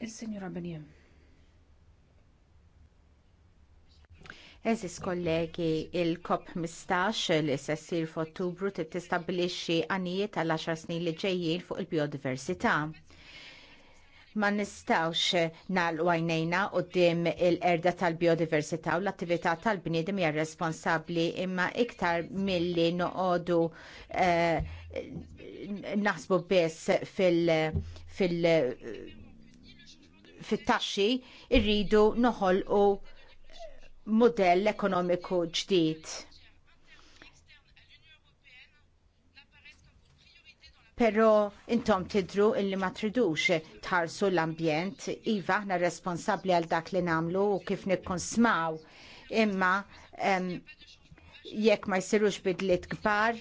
il signora Benjem. Eżis kollegi, il-COP15 li se ssir f'Ottubru t-istabilixi għanijiet tal-10 snin li ġejjin fuq il-biodiversità. Ma nistawx nal għajnejna quddiem il-erda tal-biodiversità u l-attività tal-bniedem hija responsabbli imma iktar milli noqogħdu eh, naħsbu biss fil-, fil fit-taxxi irridu noħolqu mudell ekonomiku ġdid. Pero intom tidru illi ma tridux tħarsu l-ambjent, iva ħna responsabli għal dak li namlu u kif nikkonsmaw. Imma jekk ma jsirux bidliet kbar,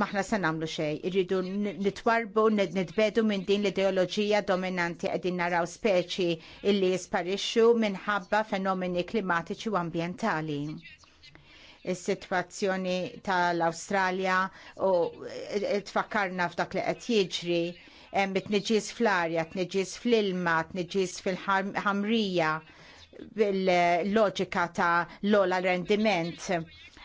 maħna se nagħmlu xejn, irridu nitwarbu, nitbedu minn din l-ideoloġija dominanti qegħdin naraw speċi illi jisparixxu minħabba fenomeni klimatiċi u ambjentali is-sitwazzjoni tal-Awstralja u e, e, tfakkarna f'dak li qed jiġri hemm it-tniġis fl-arja, tniġis fl-ilma, tniġis fil-ħamrija bil-loġika ta' l-ola rendiment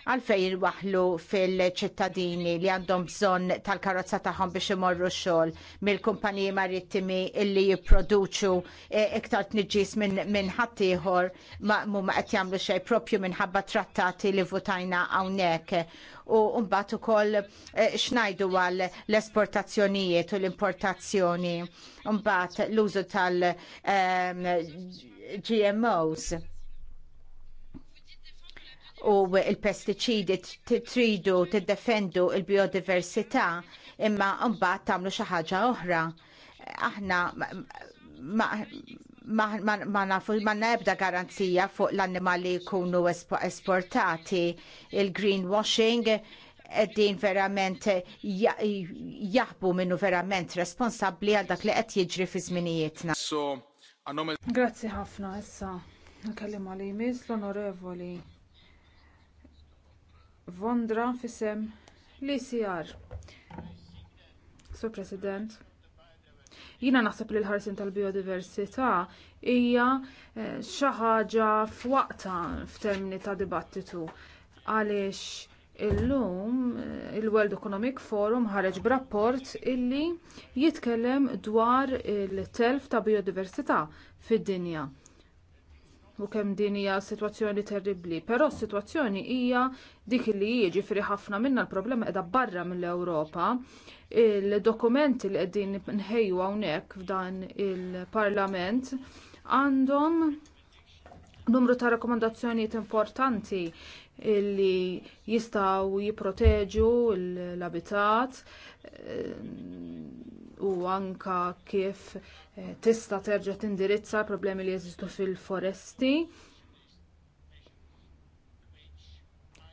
għalfej jirwaħlu fil-ċittadini li għandhom bżonn tal-karozza tagħhom biex imorru xogħol mill-kumpaniji marittimi illi jipproduċu e, iktar t-nġis minn ħaddieħor ma qed jagħmlu xejn propju minħabba trattati li votajna hawnhekk. U mbagħad ukoll e, xnajdu għal l-esportazzjonijiet u l-importazzjoni. Mbagħad l-użu tal-GMOs e, u il-pesticidi tridu tiddefendu l biodiversità imma mbagħad tagħmlu xi ħaġa oħra. Aħna ma nafu ma nebda garanzija fuq l-annimali jkunu esportati il-greenwashing din verament jaħbu minnu verament responsabbli għal dak li qed jiġri fi żminijietna. Grazzi ħafna issa. Nkellim għal l-onorevoli Vondra fisem li sijar. Sur President, jina naħseb li l-ħarsin tal-biodiversità hija eh, xi ħaġa f'waqta f'termini ta' dibattitu għaliex illum eh, il-World Economic Forum ħareġ b'rapport illi jitkellem dwar il-telf ta' biodiversità fid-dinja u kem din hija sitwazzjoni terribbli, però s-sitwazzjoni hija dik li jieġi firri ħafna minna l-problema qiegħda barra mill-Ewropa. Il-dokumenti li qegħdin nħejju hawnhekk f'dan il-Parlament għandhom numru ta' rakkomandazzjonijiet importanti li jistaw jipproteġu l-abitat u anka kif eh, tista terġa' tindirizza problemi li jeżistu fil-foresti.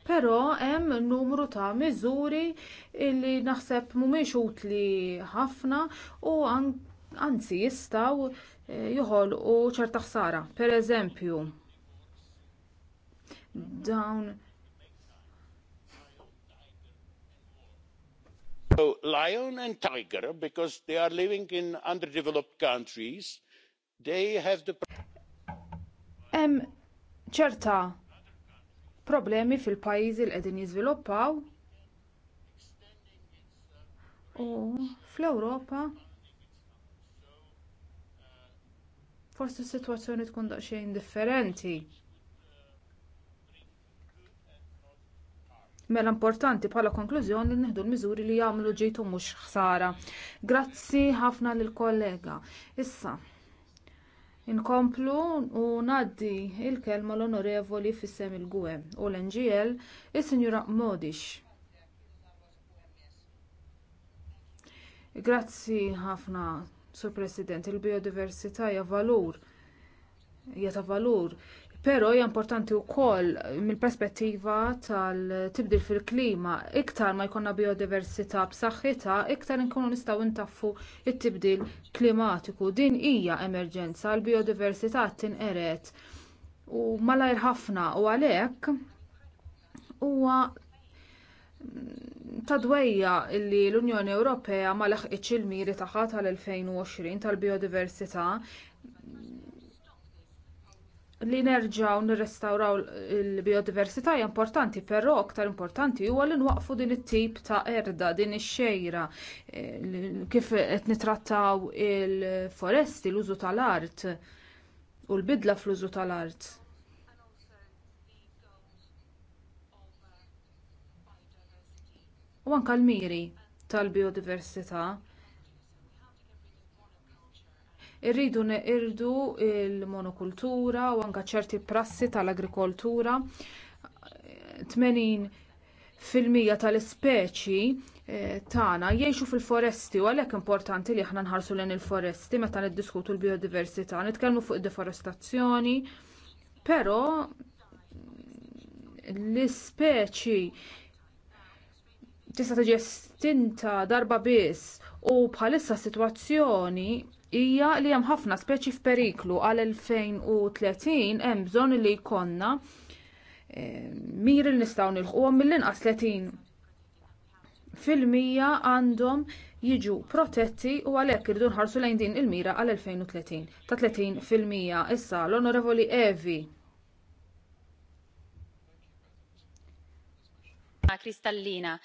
Però hemm numru ta' miżuri li naħseb mhumiex utli ħafna u anzi jistgħu eh, joħolqu ċerta ħsara. Pereżempju, dawn So lion and tiger, because they are living in underdeveloped countries, they have the... Em, ċerta problemi fil-pajizi li qegħdin jiżviluppaw u fl-Ewropa forsi s-sitwazzjoni tkun daqsxejn differenti. Mela importanti bħala konklużjoni li nieħdu l-miżuri li jagħmlu ġejtu mhux ħsara. Grazzi ħafna lill kollega Issa, inkomplu u ngħaddi l kelma l-onorevoli fissem il-gwem u l-NGL is-Sinjura Modix. Grazzi ħafna, Sur President, il-biodiversità hija valur hija ta' valur Pero hija importanti wkoll mill-perspettiva tal-tibdil fil-klima, iktar ma jkollna biodiversità b'saħħitha, iktar inkunu nistgħu ntaffu t tibdil klimatiku. Din hija emerġenza l biodiversità tinqeret u malajr ħafna u għalhekk huwa tadwejja li l-Unjoni Ewropea ma laħqitx il-miri tagħha tal-2020 tal-biodiversità li nerġgħu nirrestawraw il-biodiversità hija importanti, però aktar importanti huwa li nwaqfu din it-tip ta' erda, din ix-xejra, eh, kif qed nitrattaw il-foresti, l-użu tal-art u l-bidla fl-użu tal-art. U anke l-miri tal-biodiversità Irridu neqirdu il-monokultura u anke ċerti prassi tal-agrikoltura. 80 fil-mija tal-ispeċi eh, tagħna jgħixu fil-foresti u għalhekk importanti li aħna nħarsu lejn il-foresti meta niddiskutu l-biodiversità, nitkellmu fuq id-deforestazzjoni, però l-ispeċi tista' tiġi estinta darba biss u bħalissa s-sitwazzjoni hija li hemm ħafna speċi f'periklu għal 2030 hemm bżonn li jkollna eh, mir miri li nistgħu nilħquhom mill-inqas 30 fil-mija għandhom jiġu protetti u għalhekk irdu nħarsu lejn din il-mira għal 2030 ta' 30 fil-mija issa l-Onorevoli Evi. Kristallina,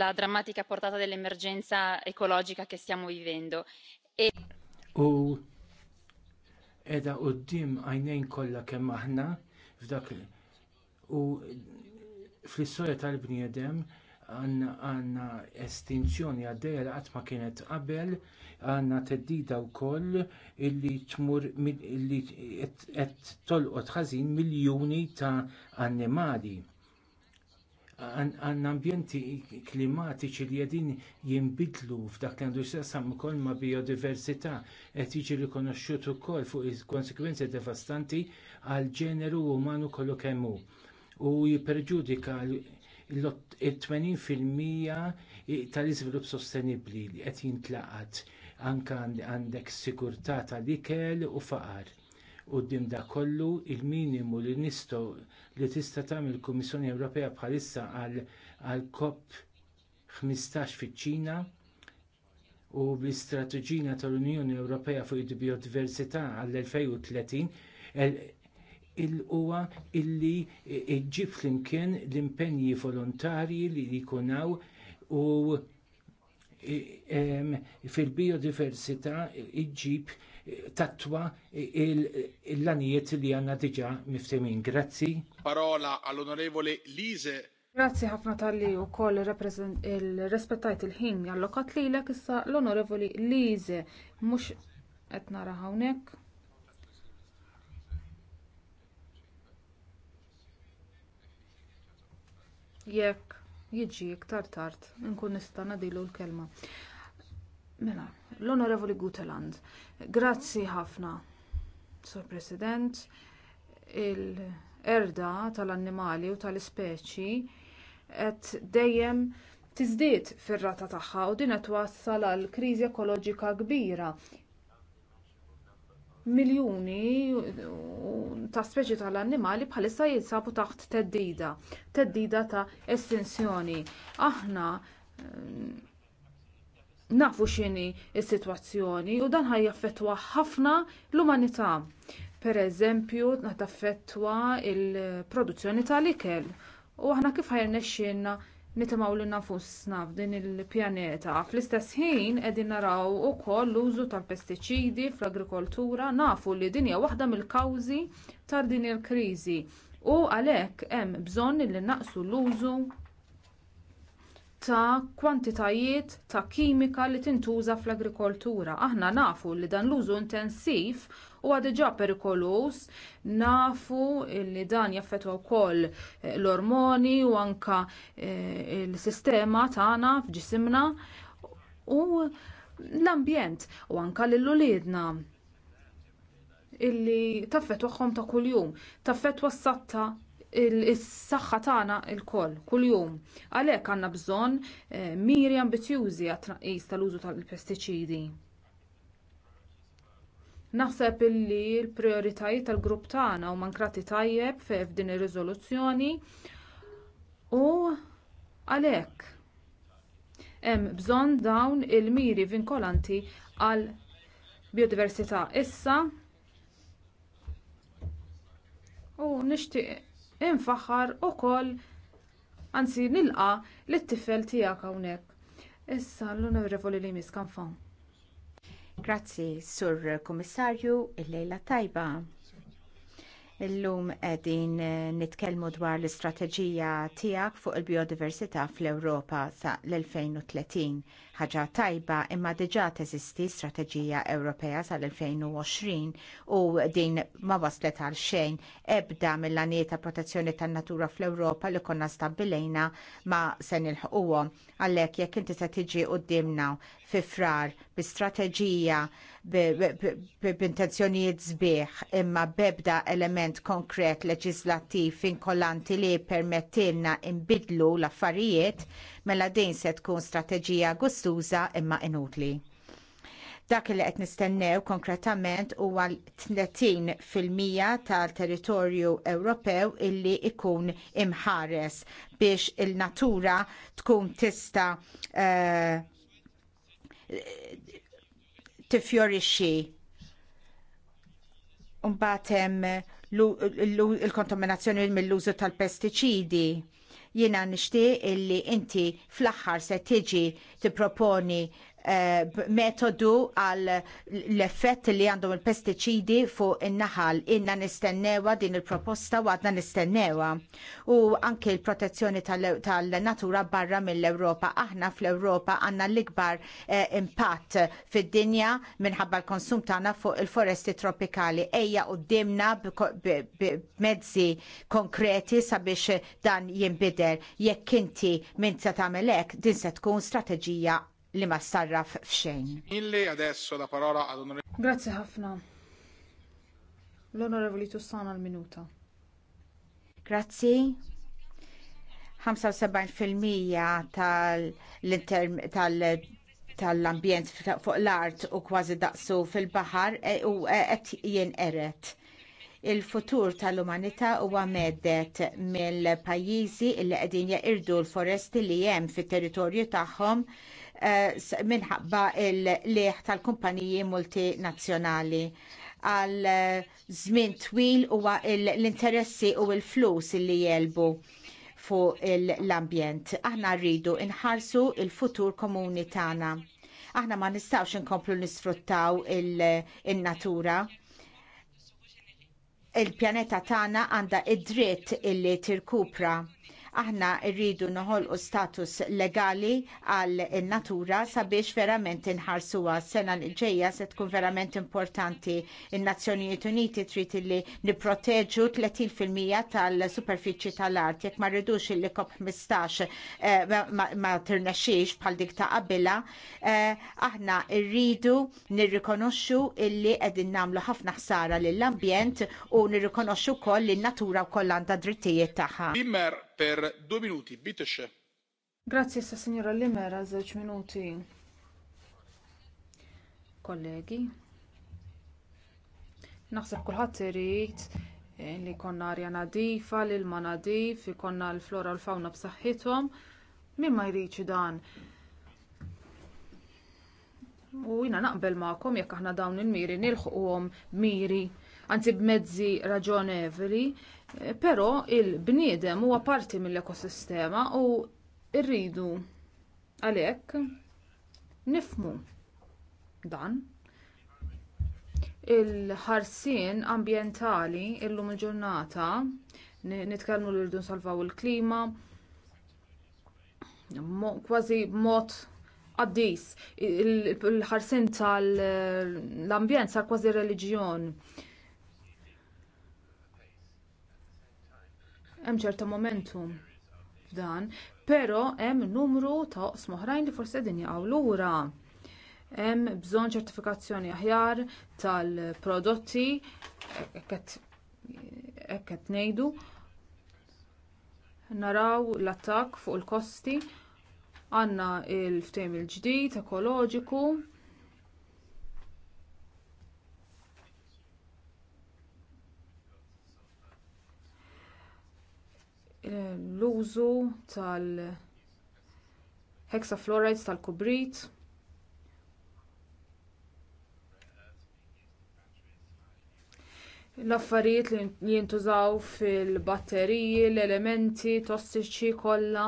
la drammatica portata dell'emergenza ecologica che stiamo vivendo. E u edha qoddim għajnejn kollha kemm aħna f'dak u fl istoria tal-bniedem għandna estinzjoni għaddeja li qatt ma kienet qabel għandna theddida wkoll illi tmur illi qed tolqot ħażin miljuni ta' annimali għan ambjenti klimatiċi li għedin jimbidlu f'dak li għandu jisassam ukoll ma' biodiversità qed jiġi rikonoxxut ukoll fuq il-konsekwenzi devastanti għal ġeneru umanu kollu kemm hu. u jiperġudika il-80% tal-iżvilupp sostenibbli li qed jintlaqat anke għandek sigurtà tal-ikel u faqar U da kollu il-minimu li nistgħu li tista' tagħmel il-Kummissjoni Ewropea bħalissa għal COP 15 fiċ-Ċina u bl-istrateġija tal-Unjoni Ewropea fuq il-biodiversità għall-2030 il-huwa illi ġib flimkien l-impenji volontarji li jikunaw u e, fil-biodiversità iġib tatwa l-lanijiet li għanna diġa miftemin. Grazzi. Parola għall-onorevole Lise. Grazzi ħafna tal-li u koll il respettajt il-ħin għallokat li l issa l-onorevoli Lise. Mux etna raħawnek. Jekk jiġi iktar tard, nkun nista' nadilu l-kelma. Mela, l-Onorevoli Guteland, grazzi ħafna, Sur President, il-erda tal-annimali u tal-ispeċi qed dejjem tiżdied fir-rata tagħha u din qed wassal għal kriżi ekoloġika kbira. Miljuni ta' speċi tal-annimali bħalissa jinsabu taħt teddida, teddida ta' estinzjoni. Aħna nafu x'inhi s-sitwazzjoni u dan ħajjaffettwa ħafna l-umanità. Pereżempju taffettwa l produzzjoni tal-ikel u aħna kif ħajrnexxielna nitimaw li nafusna f'din il-pjaneta. Fl-istess ħin qegħdin naraw ukoll l-użu tal-pestiċidi fl-agrikoltura nafu li din hija waħda mill-kawżi ta' din il-kriżi u għalhekk hemm bżonn li naqsu l-użu ta' kwantitajiet ta' kimika li tintuża fl-agrikoltura. Aħna nafu li dan l-użu intensiv huwa diġà perikolus, nafu li dan jaffetwa wkoll eh, l-ormoni u anke eh, s sistema tagħna f'ġisimna u l-ambjent u anke lill-uliedna illi taffetwaħħom ta' kuljum, taffetwa s-satta is-saħħa tagħna lkoll kuljum. Għalhekk għandna bżonn eh, miri ambizjużi għat-tnaqqis tal-użu tal-pestiċidi. Naħseb illi l-prijoritajiet tal-grupp tagħna huma nkrati tajjeb f'din ir-riżoluzzjoni u għalhekk hemm bżonn dawn il-miri vinkolanti għal biodiversità issa u nixtieq infaħħar ukoll anzi nilqa li t tifel tiegħek hawnhekk. Issa l-onorevoli li miskanfan. Grazzi, Sur Kummissarju, il-lejla tajba. Illum qegħdin eh, nitkellmu dwar l-istrateġija tiegħek fuq il-biodiversità fl-Ewropa sa l-2030 ħaġa tajba imma diġà teżisti strateġija Ewropea sal-2020 u din ma waslet għal xejn ebda mill-għaniet ta' protezzjoni tan-natura fl-Ewropa li konna stabilejna ma se nilħquhom. Għalhekk jekk inti se tiġi qudiemna fi frar bi strateġija b'intenzjonijiet sbieħ imma bebda element konkret leġislattiv inkollanti li permettilna imbidlu l-affarijiet mela din se tkun strateġija gustuża imma inutli. Dak li qed nistennew konkretament huwa fil 30 tal-territorju Ewropew illi ikun imħares biex il-natura tkun tista uh, tifjorixxi. Mbagħad hemm il-kontaminazzjoni mill-użu tal-pestiċidi Jiena nixtieq illi inti fl-aħħar se tiġi tipproponi eh, metodu għal l-effett li għandhom il-pestiċidi fuq in-naħal. Inna nistennewa din il-proposta u għadna nistennewa. U anke l-protezzjoni tal-natura barra mill-Europa. Aħna fl-Europa għanna l-ikbar eh, impatt fid-dinja minħabba l-konsum tagħna fuq il-foresti tropikali. Ejja u dimna b'mezzi konkreti sabiex dan jinbidel tfisser jekk inti minn se tagħmel hekk din se tkun strateġija li ma sarraf f'xejn. Illi adesso la parola ad Grazie ħafna. L-onorevoli Tussana l-minuta. Grazzi. 75% tal-ambjent tal, tal fuq l-art u kważi daqsu fil-bahar e, u e, qed jinqeret Il-futur tal-umanità huwa medet mill-pajjiżi li qegħdin jaqirdu l-foresti li hemm fit-territorju tagħhom eh, minħabba l-leħ tal-kumpaniji multinazzjonali għal eh, żmien twil huwa l-interessi u l-flus li jelbu fuq l-ambjent. Aħna rridu nħarsu l futur komuni tagħna. Aħna ma nistgħux inkomplu nisfruttaw in-natura il-pjaneta tagħna għandha id-dritt illi tirkupra Aħna rridu noħolqu status legali għal natura sabiex verament inħarsuha sena ġejja se tkun verament importanti. In-Nazzjonijiet Uniti trid li nipproteġu 30% tal-superfiċi tal-art jekk ma rridux il kop 15 eh, ma tirnexxiex bħal dik ta' qabila. Eh, aħna rridu nirrikonoxxu illi qegħdin nagħmlu ħafna ħsara lill-ambjent u nirrikonoxxu wkoll li n-natura wkoll għandha drittijiet tagħha per due minuti. Bitesce. Grazie, sa signora Limera, żewġ minuti. Kollegi, naħseb kulħadd irid eh, li konna arja nadifa, l ma nadif, konna l-flora u l-fawna b'saħħithom, min ma jriċi dan. U jina naqbel ma'kom jekk aħna dawn il-miri nilħquhom miri, nil anzi b'mezzi raġonevoli, eh, però il-bniedem huwa parti mill-ekosistema u rridu għalhekk nifmu dan il-ħarsien ambjentali llum il-ġurnata nitkellmu li rridu nsalvaw il-klima kważi mod qaddis il-ħarsien tal-ambjent sar kważi reliġjon Hemm ċerta momentum f'dan, però hemm numru ta' oqs oħrajn li forsi qegħdin jaqgħu lura hemm bżonn ċertifikazzjoni aħjar tal-prodotti hekk qed ngħidu naraw l-attakk fuq il-kosti għandna l-ftehim il-ġdid ekoloġiku l-użu tal-hexafluorides tal-kubrit. L-affarijiet li jintużaw fil-batteriji, l-elementi tossiċi kollha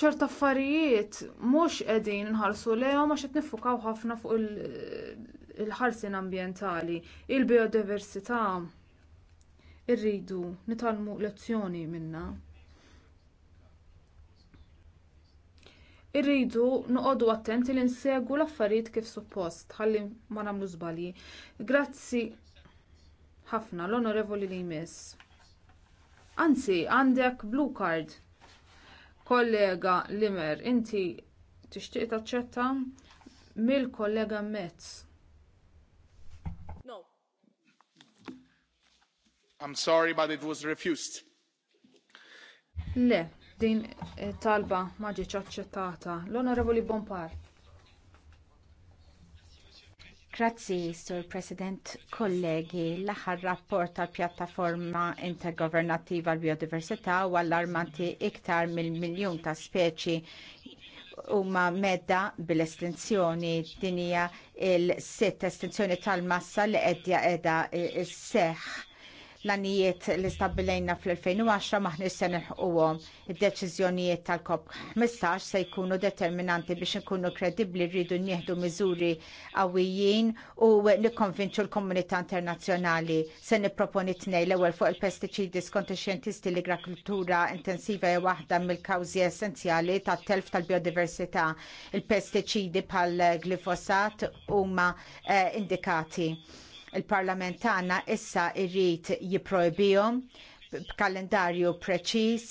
ċert affarijiet mhux qegħdin inħarsu lejhom għax qed niffukaw ħafna fuq il-ħarsien ambjentali, il-biodiversità. Irridu nitalmu lezzjoni minnha. Irridu noqogħdu attenti li nsegwu l-affarijiet kif suppost ħalli ma nagħmlu żbalji. Grazzi ħafna l-Onorevoli li jmiss. Anzi, għandek blue card kollega Limer, inti tixtieq taċċetta mill-kollega Metz. No. I'm sorry but it was refused. Le, din talba ma ġietx aċċettata. L-Onorevoli Bompar. Grazzi, Sur President, kollegi, l-aħħar rapport tal-pjattaforma intergovernativa l-biodiversità u allarmanti iktar mill-miljun ta' speċi huma medda bil-estinzjoni dinija il-sitt estinzjoni tal-massa li qed qiegħda s-seħħ l-anijiet li stabbilejna fl-2010 maħni se nħuqom. Id-deċizjonijiet tal-COP15 se jkunu determinanti biex nkunu kredibli rridu nieħdu miżuri għawijin u nikkonvinċu l-komunità internazzjonali. Se niproponi tnej l-ewwel fuq il-pestiċidi skont ix-xjentisti li agrikultura intensiva hija waħda mill-kawżi essenzjali tat-telf tal-biodiversità. Il-pestiċidi bħal glifosat huma eh, indikati. Il-Parlament tagħna issa jrid jipprojbihom b'kalendarju preċiż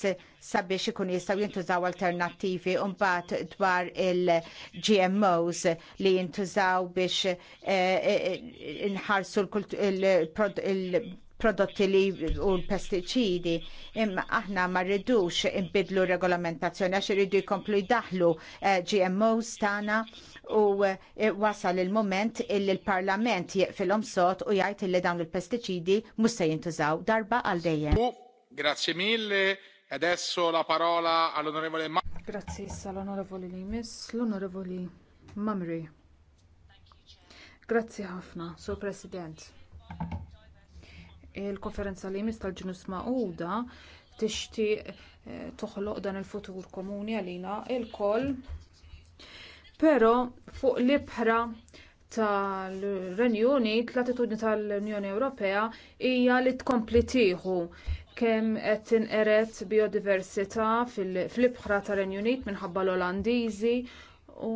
sabiex ikun jistgħu jintużaw alternattivi u mbagħad dwar il-GMOs li jintużaw biex eh, eh, eh, inħarsu l-produzzjoni prodotti li u l pesticidi imma aħna ma rridux imbidlu regolamentazzjoni għax rridu jkomplu jdaħlu eh, GMOs tagħna u eh, wasal il mument illi l-Parlament jieqfilhom sod u jgħid illi dawn il-pestiċidi mhux se jintużaw darba għal dejjem. Grazie mille. Adesso la parola all'onorevole Ma. Grazie all'onorevole Limes, l'onorevole Mamri. Grazie ħafna, Sur President il-konferenza li jmiss tal ġinus Magħquda tixtieq eh, toħloq dan il-futur komuni għalina lkoll, però fuq l-ibħra tal-Renju Unit l-attitudni tal-Unjoni Ewropea hija li tkompli tieħu kemm qed tinqeret biodiversità fil-ibħra tar-Renju Unit minħabba l-Olandiżi u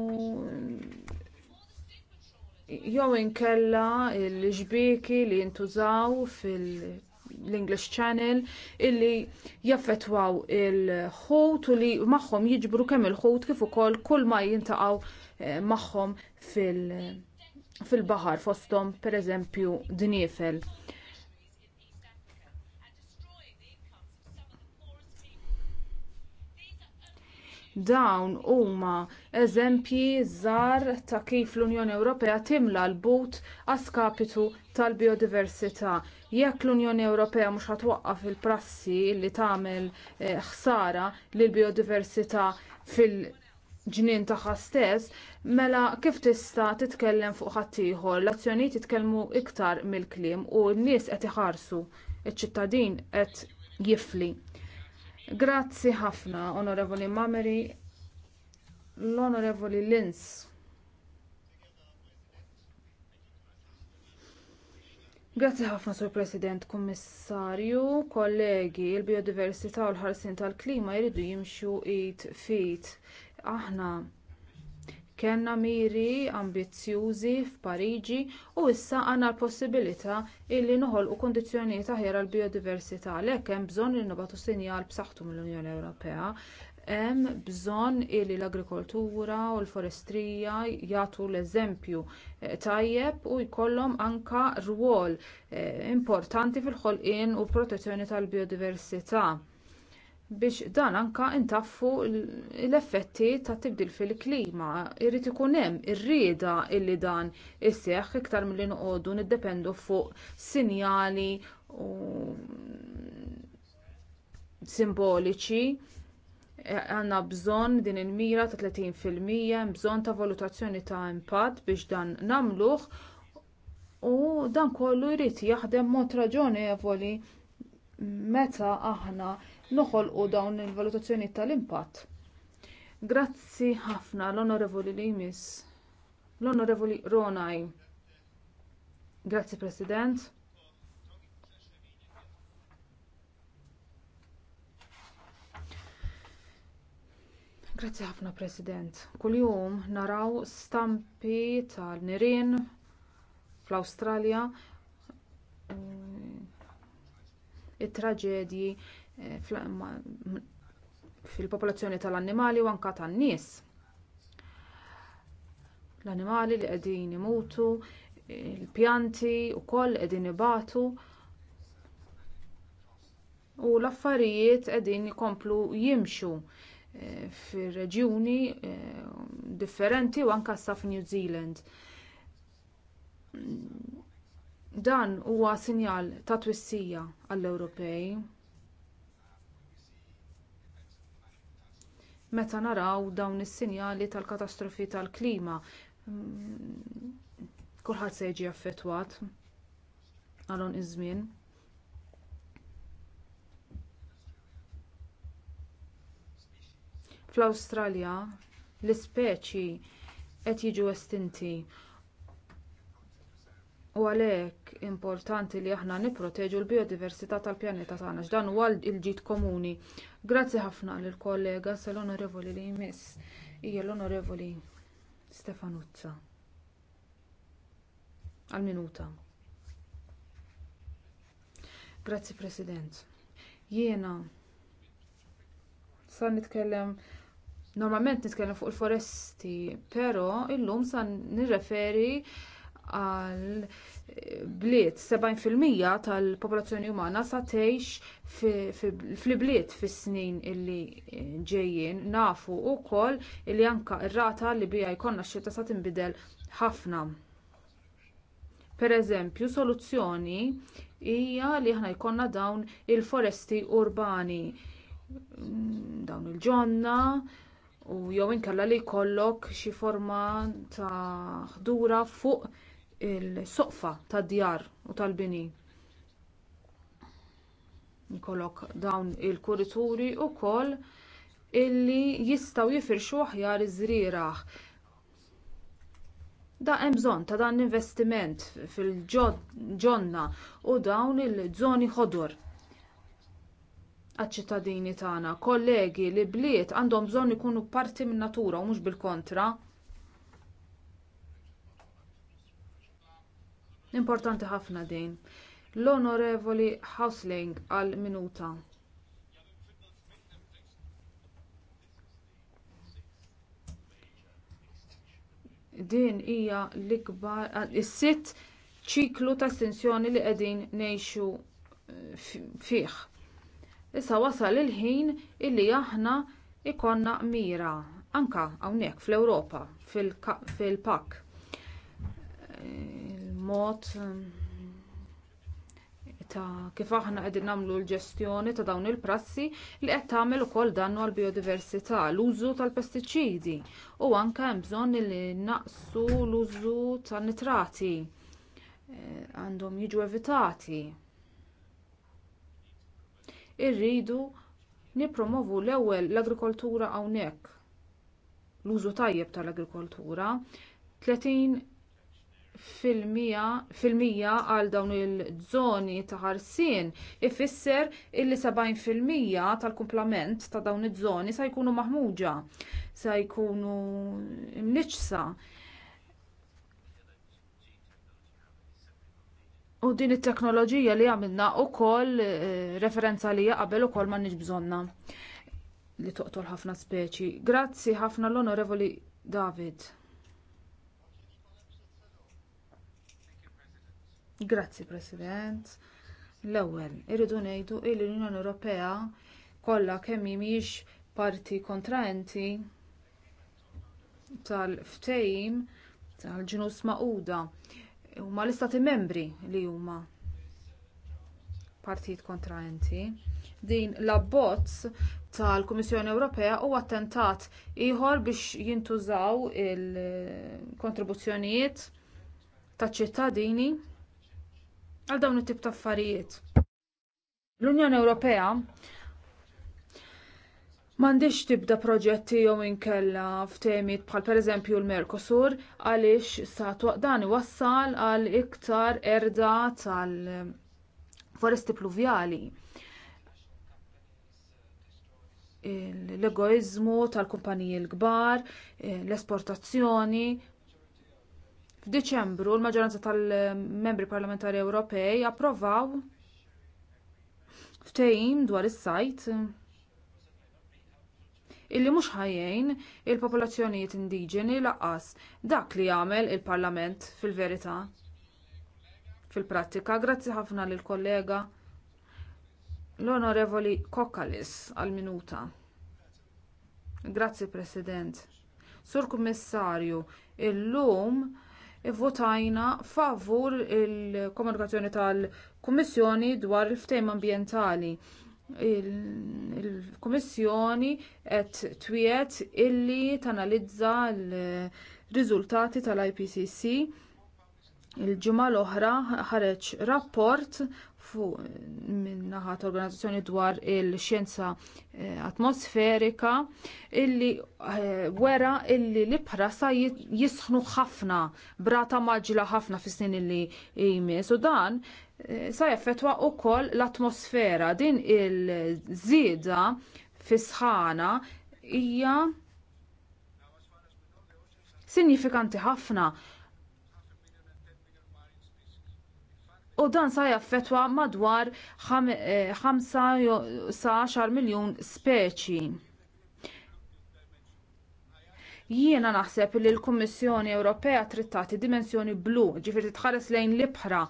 jew inkella l-ġbiki li jintużaw fil-English Channel illi jaffetwaw il-ħut u li magħhom jiġbru kemm il-ħut kif ukoll kull ma jintaqgħu eh, magħhom fil-baħar fosthom pereżempju dniefel. Dawn huma eżempji żgħar ta' kif l-Unjoni Ewropea timla l-but għaskapitu tal-biodiversità. Jekk l-Unjoni Ewropea mhux ħatwaqqaf il-prassi li tagħmel eh, ħsara lill biodiversità fil- ġnien tagħha stess, mela kif tista' titkellem fuq ħaddieħor, l-azzjonijiet titkellmu iktar mill-kliem u n-nies qed iħarsu, iċ-ċittadin qed jifli. Grazzi ħafna, Onorevoli Mameri, l-Onorevoli Linz. Grazzi ħafna sur President, Kommissarju. kollegi, il-biodiversità u l-ħarsin tal-klima jridu jimxu it fit. Aħna kellna miri ambizzjużi f'Pariġi u issa għandna l-possibilità li noħolqu kundizzjonijiet aħjar għall biodiversità għalhekk hemm bżonn li nibagħtu sinjal b'saħħtu mill-Unjoni Ewropea hemm bżonn li l-agrikoltura u l-forestrija jagħtu l-eżempju eh, tajjeb u jkollhom anke rwol eh, importanti fil-ħolqien u protezzjoni tal-biodiversità biex dan anke intaffu l-effetti ta' tibdil fil-klima. Irrid ikun hemm ir-rieda illi dan isseħħ iktar milli noqogħdu niddependu fuq sinjali u simboliċi e, għanna bżonn din il-mira ta' 30% bżonn ta' valutazzjoni ta' impatt biex dan nagħmluh u dan kollu jrid jaħdem mod raġonevoli meta aħna noħolqu dawn il-valutazzjoni tal-impatt. Grazzi ħafna l-Onorevoli Limis, l-Onorevoli Ronaj. Grazzi President. Grazzi ħafna President. Kuljum naraw stampi tal-nirien fl-Awstralja eh, it-traġedji Eh, fil-popolazzjoni tal-annimali u anke tan-nies. L-annimali li qegħdin imutu, il-pjanti wkoll qegħdin ibatu u l-affarijiet qegħdin jkomplu jimxu eh, fir-reġjuni eh, differenti u anke sa f'New Zealand. Dan huwa sinjal ta' twissija għall-Ewropej meta naraw dawn is-sinjali tal-katastrofi tal-klima. Kulħadd se jiġi affettwat għalhom iż-żmien. Fl-Awstralja l-ispeċi qed jiġu estinti U għalhekk importanti li aħna nipproteġu l-biodiversità tal-pjaneta tagħna x'dan huwa l-ġid komuni. Grazzi ħafna lill kollega sal-Onorevoli li jmiss hija l-Onorevoli Stefanuzza. Għal minuta. Grazzi President. Jiena sa nitkellem normalment nitkellem fuq il-foresti, però illum sa nirreferi għal eh, bliet 70% tal-popolazzjoni umana sa tgħix fil bliet fis-snin illi eh, ġejjin nafu wkoll li anke r-rata li biha jkollna x-xita sa tinbidel ħafna. Pereżempju, soluzzjoni hija li aħna jkollna dawn il-foresti urbani dawn il-ġonna u jew inkella li jkollok xi forma ta' ħdura fuq il-soqfa tad djar u tal-bini. Nkolok dawn il-kurituri wkoll illi jistgħu jifirxu aħjar iż-żrieraħ da hemm bżonn ta' dan l-investiment fil-ġonna u dawn il-żoni ħodor għaċ-ċittadini tagħna, kollegi li bliet għandhom bżonn ikunu parti minn natura u mhux bil-kontra. Importanti ħafna din. L-Onorevoli Hausling għal minuta. Din hija l-ikbar eh, is-sitt ċiklu ta' estensjoni li qegħdin ngħixu eh, fih. Issa wasal il-ħin illi aħna ikonna mira anka hawnhekk fl-Ewropa fil-pak. Fil eh, mod ehm, ta' kif aħna qegħdin nagħmlu l-ġestjoni ta' dawn il-prassi li qed tagħmel ukoll dannu għall biodiversità, l-użu tal-pestiċidi u anke hemm bżonn li naqsu l-użu tan-nitrati eh, għandhom jiġu evitati. Irridu nippromovu l-ewwel l-agrikoltura hawnhekk. L-użu tajjeb tal-agrikoltura 30 fil-mija għal dawn il-żoni ta' ħarsien ifisser illi 70% tal-kumplament ta' dawn iż-żoni se jkunu maħmuġa, se jkunu mniċsa. U din it-teknoloġija li għamilna wkoll eh, referenza li qabel ukoll m'għandniex bżonna li toqtol ħafna speċi. Grazzi ħafna l-Onorevoli David. Grazzi, President. L-ewwel, irridu ngħidu li l-Unjoni Ewropea kollha kemm mhijiex parti kontraenti tal-ftehim tal ġinus Magħquda huma l-istati membri li huma partit kontraenti. Din l-abbozz tal-Kummissjoni Ewropea huwa attentat ieħor biex jintużaw il-kontribuzzjonijiet taċ-ċittadini għal dawn it-tip ta' affarijiet. L-Unjoni Ewropea m'għandix tibda proġetti jew inkella f'temiet bħal pereżempju l-Mercosur għaliex sa dan iwassal għal iktar erda tal-foresti pluvjali l egoiżmu tal-kumpaniji l-kbar, eh, l-esportazzjoni F'Diċembru l-maġġoranza tal-membri parlamentari Ewropej approvaw ftehim dwar is-sajt illi mhux ħajjejn il-popolazzjonijiet indiġeni laqqas. dak li jagħmel il-Parlament fil-verità. Fil-prattika, grazzi ħafna lill kollega l-Onorevoli Kokkalis għall minuta Grazzi President. Sur Kummissarju, illum ivvotajna favur il-komunikazzjoni tal-Kummissjoni dwar il-ftehim ambjentali. Il-Kummissjoni qed twiet illi tanalizza l-riżultati tal-IPCC Il-ġimgħa l-oħra ħareġ rapport fuq minnaħa ta' organizzazzjoni dwar il-xjenza eh, atmosferika illi eh, wera illi l-ibħra sa jisħnu ħafna brata maġla ħafna fis-snin illi jmiss u dan eh, sa jaffetwa wkoll l-atmosfera din il-żieda fisħana sħana hija sinifikanti ħafna u dan sa jaffetwa madwar 5 10 miljon speċi. Jiena naħseb li l-Kummissjoni Ewropea trid tagħti dimensjoni blu, ġifieri titħares lejn l-ibħra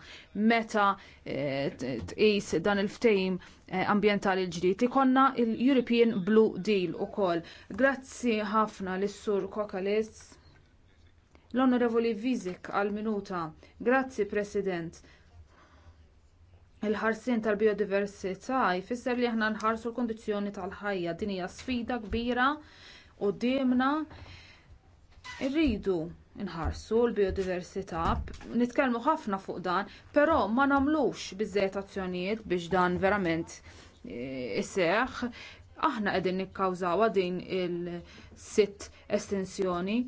meta eh, tqis dan il-ftehim eh, ambjentali l-ġdid. Ikonna l-European Blue Deal ukoll. Grazzi ħafna lis-Sur Kokalis. L-Onorevoli Vizik għal minuta. Grazzi President il ħarsien tal-biodiversità jfisser li aħna nħarsu l kundizzjoni tal-ħajja. Din hija sfida kbira qudiemna irridu nħarsu l-biodiversità, nitkellmu ħafna fuq dan, però ma nagħmlux biżżejjed azzjonijiet biex dan verament e, iseħħ. Aħna qegħdin nikkawżaw din il-sitt estensjoni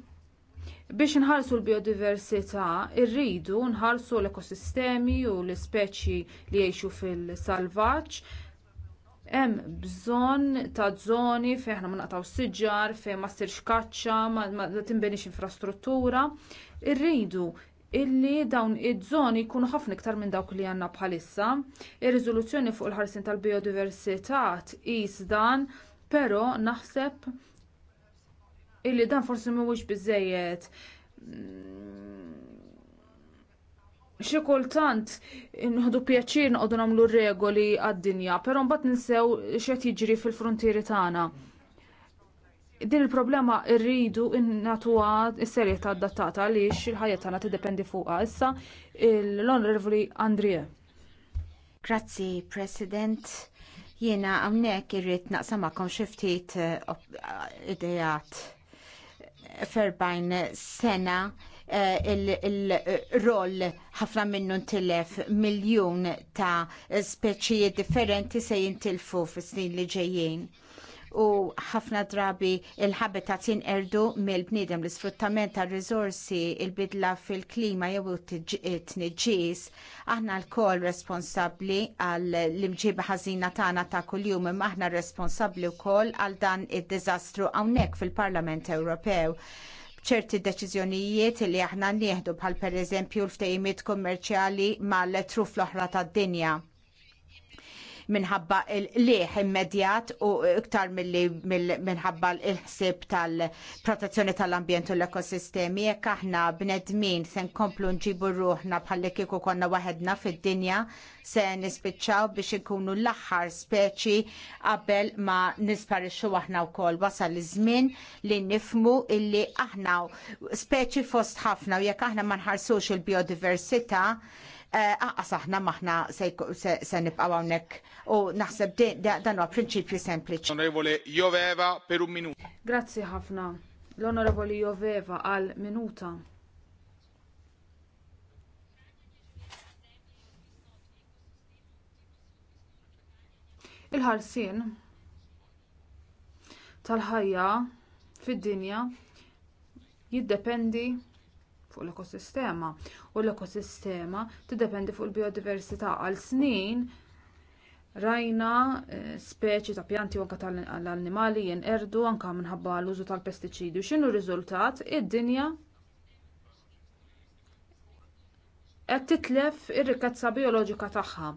Biex inħarsu l-biodiversità, irridu nħarsu l-ekosistemi u l-ispeċi li jgħixu fil-salvaġġ. Hemm bżonn ta' żoni fejn aħna ma naqtaw siġar, fejn ma ssirx kaċċa, ma tinbenix infrastruttura. Irridu illi dawn iż-żoni jkunu ħafna iktar minn dawk li għandna bħalissa. Ir-riżoluzzjoni fuq il-ħarsin tal-biodiversità tqis dan, però naħseb illi dan forsi mhuwiex biżejjed xi kultant inħdu pjaċir noqogħdu nagħmlu regoli għad-dinja, però mbagħad ninsew x'qed jiġri fil-frontieri tagħna. Din il-problema rridu innatuha s-serjetà adattata għaliex il-ħajja tagħna tiddependi fuqha issa l-Onorevoli Andrie. Grazzi, President. Jiena hawnhekk irrid naqsamakom xi ftit eh, idejat ferbajn sena eh, il-roll ħafna minnu tilef miljun ta' speċijiet differenti se jintilfu fis-snin li ġejjin u ħafna drabi il-habitat jinqerdu mill-bniedem l-isfruttament tar rizorsi il-bidla fil-klima jew t-nġis. Aħna lkoll responsabbli għal l-imġiba ħażina tagħna ta' kuljum imma aħna responsabbli wkoll għal dan id-diżastru hawnhekk fil-Parlament Ewropew ċerti deċiżjonijiet li aħna nieħdu bħal pereżempju l-ftejimiet kummerċjali mal-truf l-oħra tad-dinja minħabba l-liħ immedjat u iktar minħabba l-ħsib tal-protezzjoni tal-ambjent u l-ekosistemi. Jekk aħna bnedmin se nkomplu nġibu ruħna bħalli kiku konna waħedna fid-dinja se nispiċċaw biex nkunu l-aħħar speċi qabel ma nisparixxu aħna wkoll wasal iż-żmien li nifmu illi aħna speċi fost ħafna u jekk aħna ma nħarsux il-biodiversità Eh, Aqqa saħna maħna se nibqgħu hawnhekk u naħseb dan huwa prinċipju sempliċi. Onorevole Joveva per un minuto. Grazzi ħafna. l onorevole Joveva għal minuta. il ħarsin tal-ħajja fid-dinja jiddependi fuq l-ekosistema u l-ekosistema tiddependi fuq il-biodiversità għal snin rajna eh, speċi ta' pjanti u anke tal-annimali jenqerdu anke minħabba l-użu tal-pestiċidi u x'inhu r-riżultat id-dinja qed titlef ir-rikkezza bioloġika tagħha.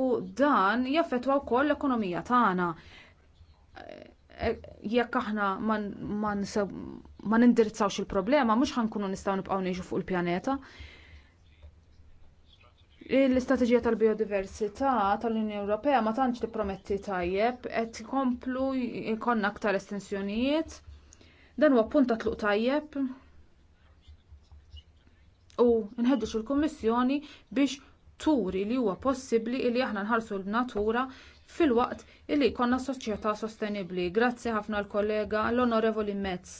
U dan jaffetwa wkoll l-ekonomija tagħna jekk aħna ma nindirizzawx il-problema, mhux ħankunu nistgħu nibqgħu neġu fuq il-pjaneta. L-istrateġija tal-biodiversità tal-Unjoni Ewropea ma tantx tipprometti tajjeb qed komplu jkollna aktar estensjonijiet. Dan huwa punta tluq tajjeb. U nħeddux il-Kummissjoni biex turi li huwa possibbli li aħna nħarsu l-natura filwaqt illi jkollna soċjetà sostenibbli. Grazzi ħafna l-kollega l-Onorevoli Metz.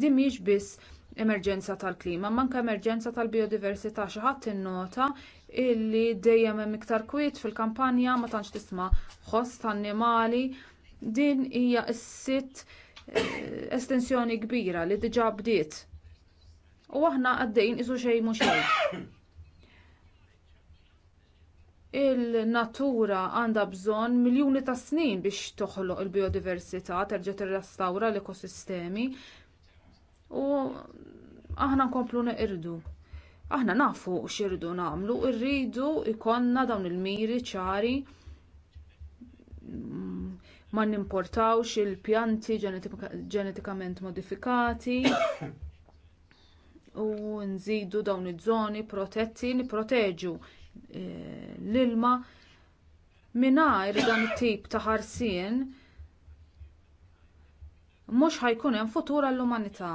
Din mhix biss emerġenza tal-klima, manka emerġenza tal-biodiversità xi ħadd innota illi dejjem hemm iktar kwiet fil-kampanja ma tantx tisma' ħoss tan-nimali din hija s-sitt Eh, estensjoni kbira li diġà bdiet. U aħna għaddejn isu xejn mhux xejn. Il-natura għandha bżonn miljuni ta' snin biex toħloq il-biodiversità, terġa' tirrestawra l-ekosistemi u aħna nkomplu neqirdu. Aħna nafu x'irdu nagħmlu, irridu ikonna dawn il-miri ċari ma nimportawx il-pjanti ġenetikament modifikati u nżidu dawn iż-żoni protetti nipproteġu eh, l-ilma mingħajr dan it-tip ta' ħarsien mhux ħajkun hemm futur għall-umanità.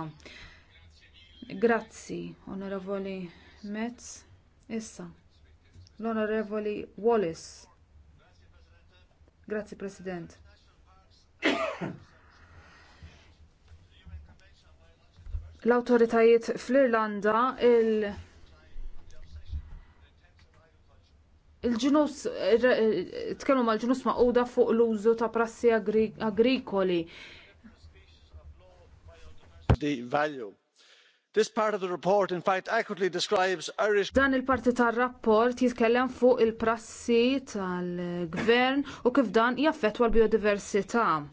Grazzi, Onorevoli Metz. Issa, l-Onorevoli Wallis. Grazzi, President. L-autoritajiet fl-Irlanda il- il-ġinus, tkellmu mal ġinus maquda fuq l-użu ta' prassi agrikoli. The value This part of the report in fact accurately describes Irish Dan il-parti tar-rapport jitkellem fuq il-prassi tal-gvern u kif dan jaffettwa l-biodiversità.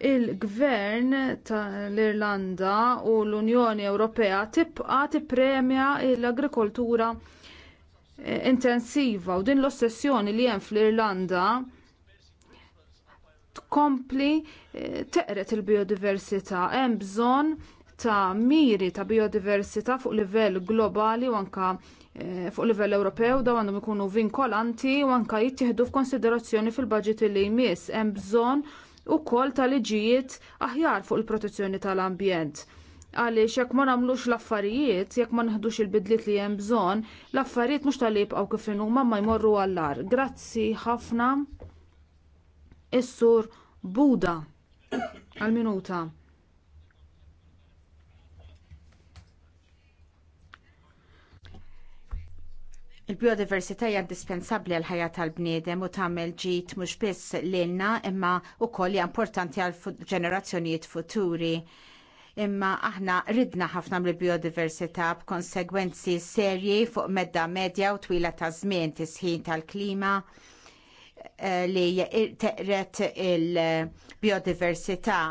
Il-gvern tal-Irlanda u l-Unjoni Ewropea tibqa tippremja l-agrikoltura eh, intensiva u din l-ossessjoni li hemm fl-Irlanda tkompli eh, teqret il-biodiversità hemm bżonn ta' miri ta' biodiversità fuq livell globali u anka eh, fuq livell Ewropew daw għandhom ikunu vinkolanti u anka jittieħdu f'konsiderazzjoni fil-budget li jmiss hemm bżonn ukoll ta' liġijiet aħjar fuq il-protezzjoni tal-ambjent. Għaliex jekk ma nagħmlux l-affarijiet, jekk ma neħdux il-bidliet li hemm bżonn, l-affarijiet mhux tal jibqgħu kif huma ma jmorru għall-ar. Grazzi ħafna. Is-sur Buda għal-minuta. Il-biodiversità hija indispensabbli għal ħajja tal-bniedem u tagħmel ġid mhux biss lilna imma wkoll hija importanti għal ġenerazzjonijiet futuri. Imma aħna ridna ħafna mill-biodiversità b'konsegwenzi serji fuq medda medja u twila ta' żmien tisħin tal-klima eh, li teqret il-biodiversità.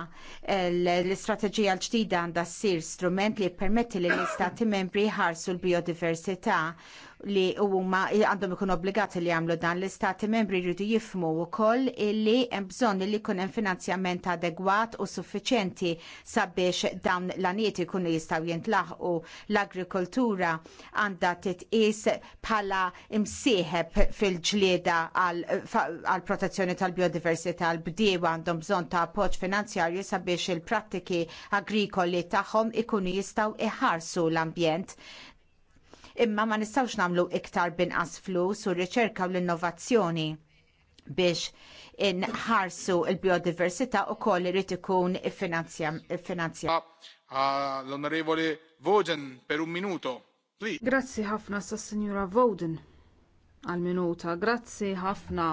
L-istrateġija l-ġdida għandha ssir strument li jippermetti lill istati membri ħarsu l-biodiversità li huma għandhom ikun obbligati li jagħmlu dan l-istati membri jridu jifmu wkoll illi hemm bżonn li jkun hemm finanzjament adegwat u suffiċjenti sabiex dawn l-anijiet ikunu jistgħu jintlaħqu l-agrikoltura għandha titqis bħala imsieħeb fil-ġlieda għal protezzjoni tal-biodiversità l-bdiewa għandhom bżonn ta' appoġġ finanzjarju sabiex il-prattiki agrikoli tagħhom ikunu jistgħu iħarsu l-ambjent imma ma nistgħux nagħmlu iktar binqas flus u riċerka u l-innovazzjoni biex inħarsu il-biodiversità u koll irrid ikun iffinanzja. Ah, ah, L-Onorevoli Vogen per un minuto. Grazzi ħafna sa' Signora Voden għal-minuta. Grazzi ħafna.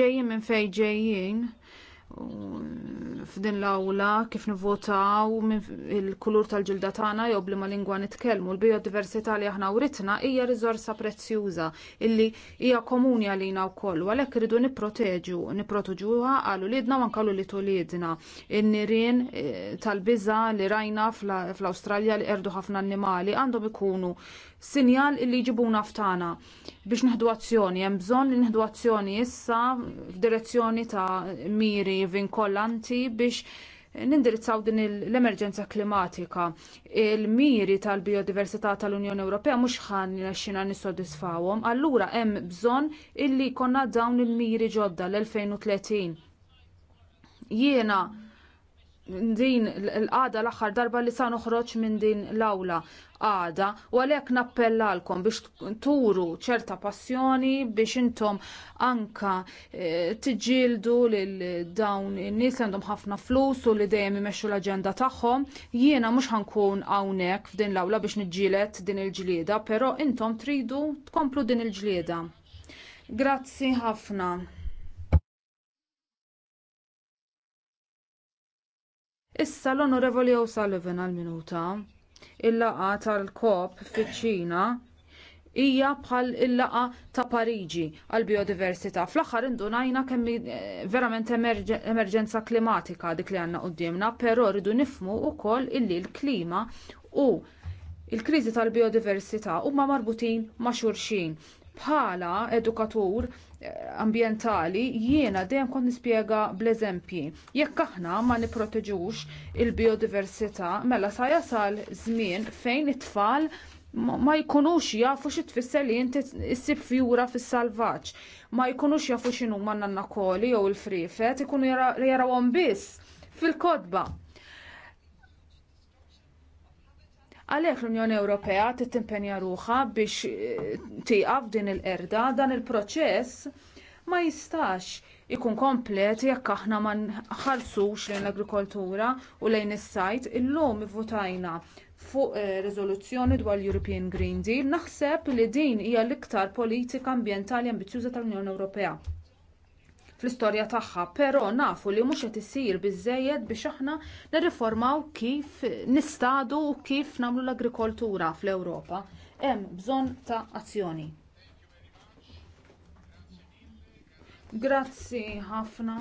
Ġejjin minn fej ġejjin f'din l-awla kif nivvotaw il-kulur tal-ġilda tagħna jew bliema lingwa nitkellmu l-biodiversità li aħna uritna hija riżorsa prezzjuża illi hija komuni għalina wkoll u għalhekk iridu nipproteġu nipprotuġuha għal ulidna u anke li tuliedna. In-nirien eh, tal-biża li rajna fl-Awstralja li qerdu ħafna annimali għandhom ikunu sinjal illi jġibuna ftana biex neħdu azzjoni, hemm bżonn li neħdu azzjoni issa f'direzzjoni ta' miri vinkollanti biex nindirizzaw din l-emerġenza klimatika. Il-miri tal-biodiversità tal-Unjoni Ewropea mhux ħan xina nissodisfawhom, allura hemm bżonn illi konna dawn il-miri ġodda l-2030. Jiena din l għada l-aħħar darba li sa noħroġ minn din l-awla għada u għalhekk nappellalkom biex turu ċerta passjoni biex intom anka e, tġildu lil dawn in-nies li għandhom ħafna flus u li dejjem imexxu l-aġenda tagħhom. Jiena mhux ħankun hawnhekk f'din l-awla biex niġġielet din il-ġlieda, però intom tridu tkomplu din il-ġlieda. Grazzi ħafna. Issa l-Onorevoli O'Sullivan għal-minuta, il laqgħa tal-kop fiċ-Ċina hija bħal il laqgħa ta' Pariġi għall biodiversità. Fl-aħħar indunajna kemm eh, verament emerġenza klimatika dik li għandna qudiemna, però rridu nifmu wkoll illi l-klima u l kriżi tal-biodiversità huma marbutin ma' xulxin. Bħala edukatur ambjentali jiena dejjem kont nispjega bl-eżempji. Jekk aħna ma nipproteġux il-biodiversità, mela sa jasal żmien fejn it-tfal ma jkunux jafu xi tfisser li inti issib fjura fis-salvaġġ. Ma jkunux jafu x'inhu ma nanna koli jew il-frifet, ikunu jarawhom biss fil-kodba Għalhekk l-Unjoni Ewropea titimpenja ruħa biex eh, tieqaf din il erda dan il-proċess ma jistax ikun komplet jekk aħna ma nħallsux lejn l-agrikoltura u lejn is-sajt illum votajna fuq eh, rezoluzzjoni dwar l-European Green Deal, naħseb li din hija l-iktar politika ambjentali ambizjuża tal-Unjoni Ewropea fl-istorja tagħha, però nafu li mhux qed isir biżżejjed biex aħna nirriformaw kif nistadu u kif nagħmlu l-agrikoltura fl-Ewropa. Hemm bżonn ta' azzjoni. Grazzi ħafna.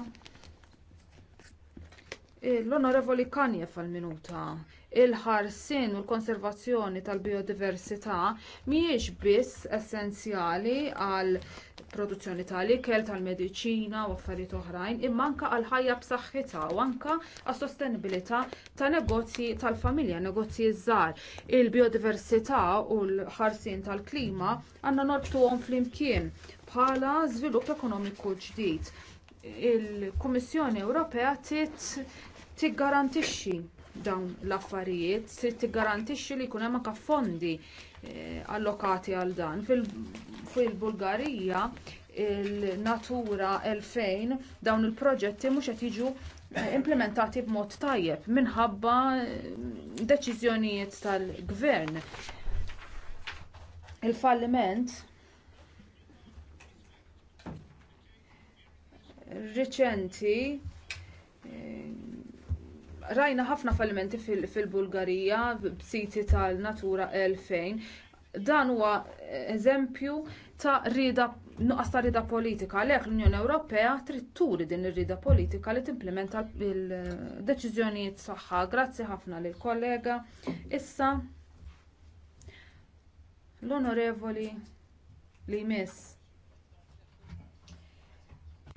L-Onorevoli Kanje fal-minuta il ħarsien u l-konservazzjoni tal-biodiversità mhijiex biss essenzjali għal produzzjoni tal-ikel, tal-mediċina u affarijiet oħrajn, imma anke għal ħajja b'saħħitha u anke għas sostenibilità ta' negozji tal-familja, negozji żgħar. Il-biodiversità u l-ħarsien tal-klima għandna norbtuhom flimkien bħala żvilupp ekonomiku ġdid. Il-Kummissjoni Ewropea tiggarantixxi dawn l-affarijiet, trid tiggarantixxi li jkun hemm anke fondi Eh, allokati għal dan. Fil-Bulgarija il-Natura 2000 dawn il-proġetti mhux qed jiġu eh, implementati b'mod tajjeb minħabba eh, deċiżjonijiet tal-gvern. Il-falliment riċenti rajna ħafna fallimenti fil-Bulgarija b'siti tal-Natura 2000. Dan huwa eh, eżempju ta' rida nuqqas ta' rida politika għalhekk l-Unjoni Ewropea trid turi din ir-rida politika li timplementa l-deċiżjonijiet tagħha. Grazzi ħafna lil kollega. Issa l-onorevoli li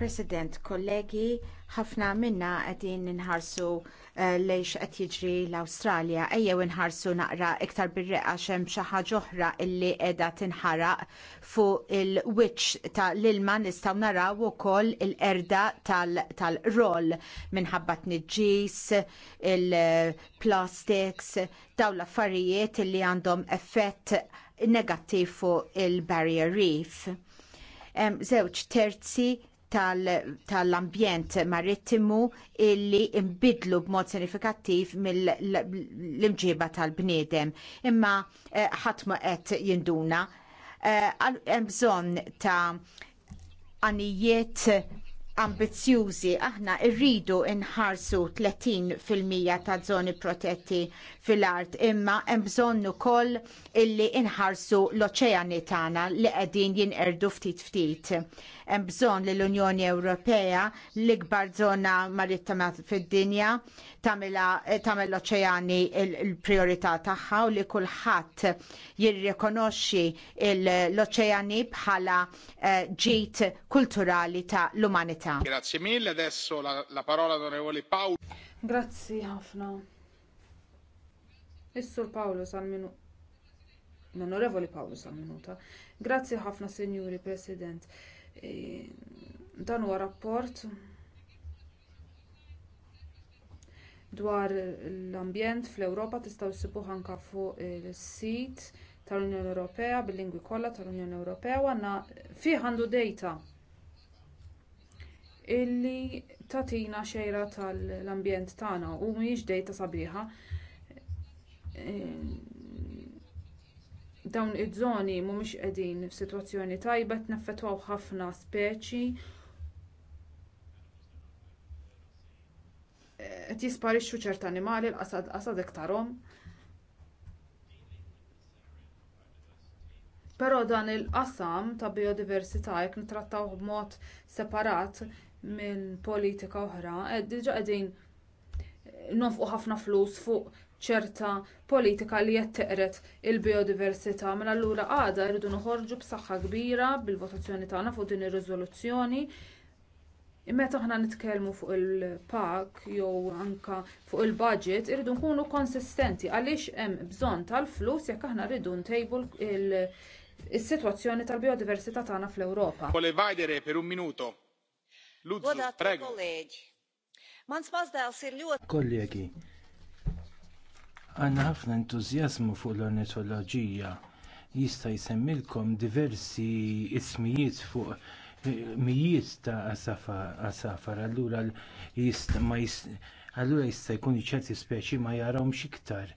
President, kollegi, ħafna minna għedin nħarsu eh, lejx għed jiġri l-Awstralja, ejjew nħarsu naqra iktar birreqa xem xaħġa ġoħra illi qiegħda tinħaraq fuq il-wiċċ ta' l-ilma nistgħu naraw ukoll il-erda tal-roll minħabba minħabba nġis il-plastics, dawn l-affarijiet illi għandhom effett negattiv fuq il-barrier reef. Um, zewċ terzi tal-ambjent tal marittimu illi imbidlu b'mod sinifikattiv mill-imġiba tal-bniedem. Imma eh, ħatma ma qed jinduna eh, hemm bżonn ta' għanijiet ambizjużi aħna rridu nħarsu 30% ta' żoni protetti fil-art imma hemm bżonn ukoll illi nħarsu l-oċeani tagħna li qegħdin jinqerdu ftit ftit hemm bżonn li l-Unjoni Ewropea l-ikbar żona marittima fid-dinja tagħmel l-oċeani l-priorità tagħha u li kulħadd jirrikonoxxi l-oċeani bħala eh, ġid kulturali ta' l-umanità. Grazzi mille, adesso la, la parola onorevoli Paolo. Grazzi ħafna. Is-Sur e Paolo Salminu. minu Paolo Salminuta. minuta Grazzi ħafna, Signori President. Eh, dan huwa rapport dwar l-ambjent fl-Ewropa tistgħu ssibu ħanka fuq is-sit tal-Unjoni Ewropea bil-lingwi kollha tal-Unjoni Ewropea u għandna fih għandu dejta illi tagħtina xejra tal-ambjent tagħna u mhijiex dejta sabiħa. Eh, dawn iż-żoni mhumiex qegħdin f'sitwazzjoni tajba tneffetwaw ħafna speċi qed jisparixxu ċert annimali l-qasad qasad iktarhom. Però dan il-qasam ta' biodiversità jekk nittrattaw b'mod separat minn politika oħra, diġà qegħdin nofqu ħafna flus fuq ċerta politika li qed teqret il-biodiversità mela allura għada rridu noħorġu b'saħħa kbira bil-votazzjoni tagħna fuq din ir-riżoluzzjoni Meta aħna nitkellmu fuq il-pak jew anke fuq il-budget irridu nkunu konsistenti għaliex hemm bżonn tal-flus jekk aħna rridu ntejbu il sitwazzjoni tal-biodiversità tagħna fl-Ewropa. Vole vajdere per un minuto. Luzzu, prego. Kollegi, Għanna ħafna entużjażmu fuq l-ornitoloġija. Jista' jsemmilkom diversi ismijiet fuq mijiet ta' għasafar, allura allura jista' jkun ċerti speċi ma jarawhomx iktar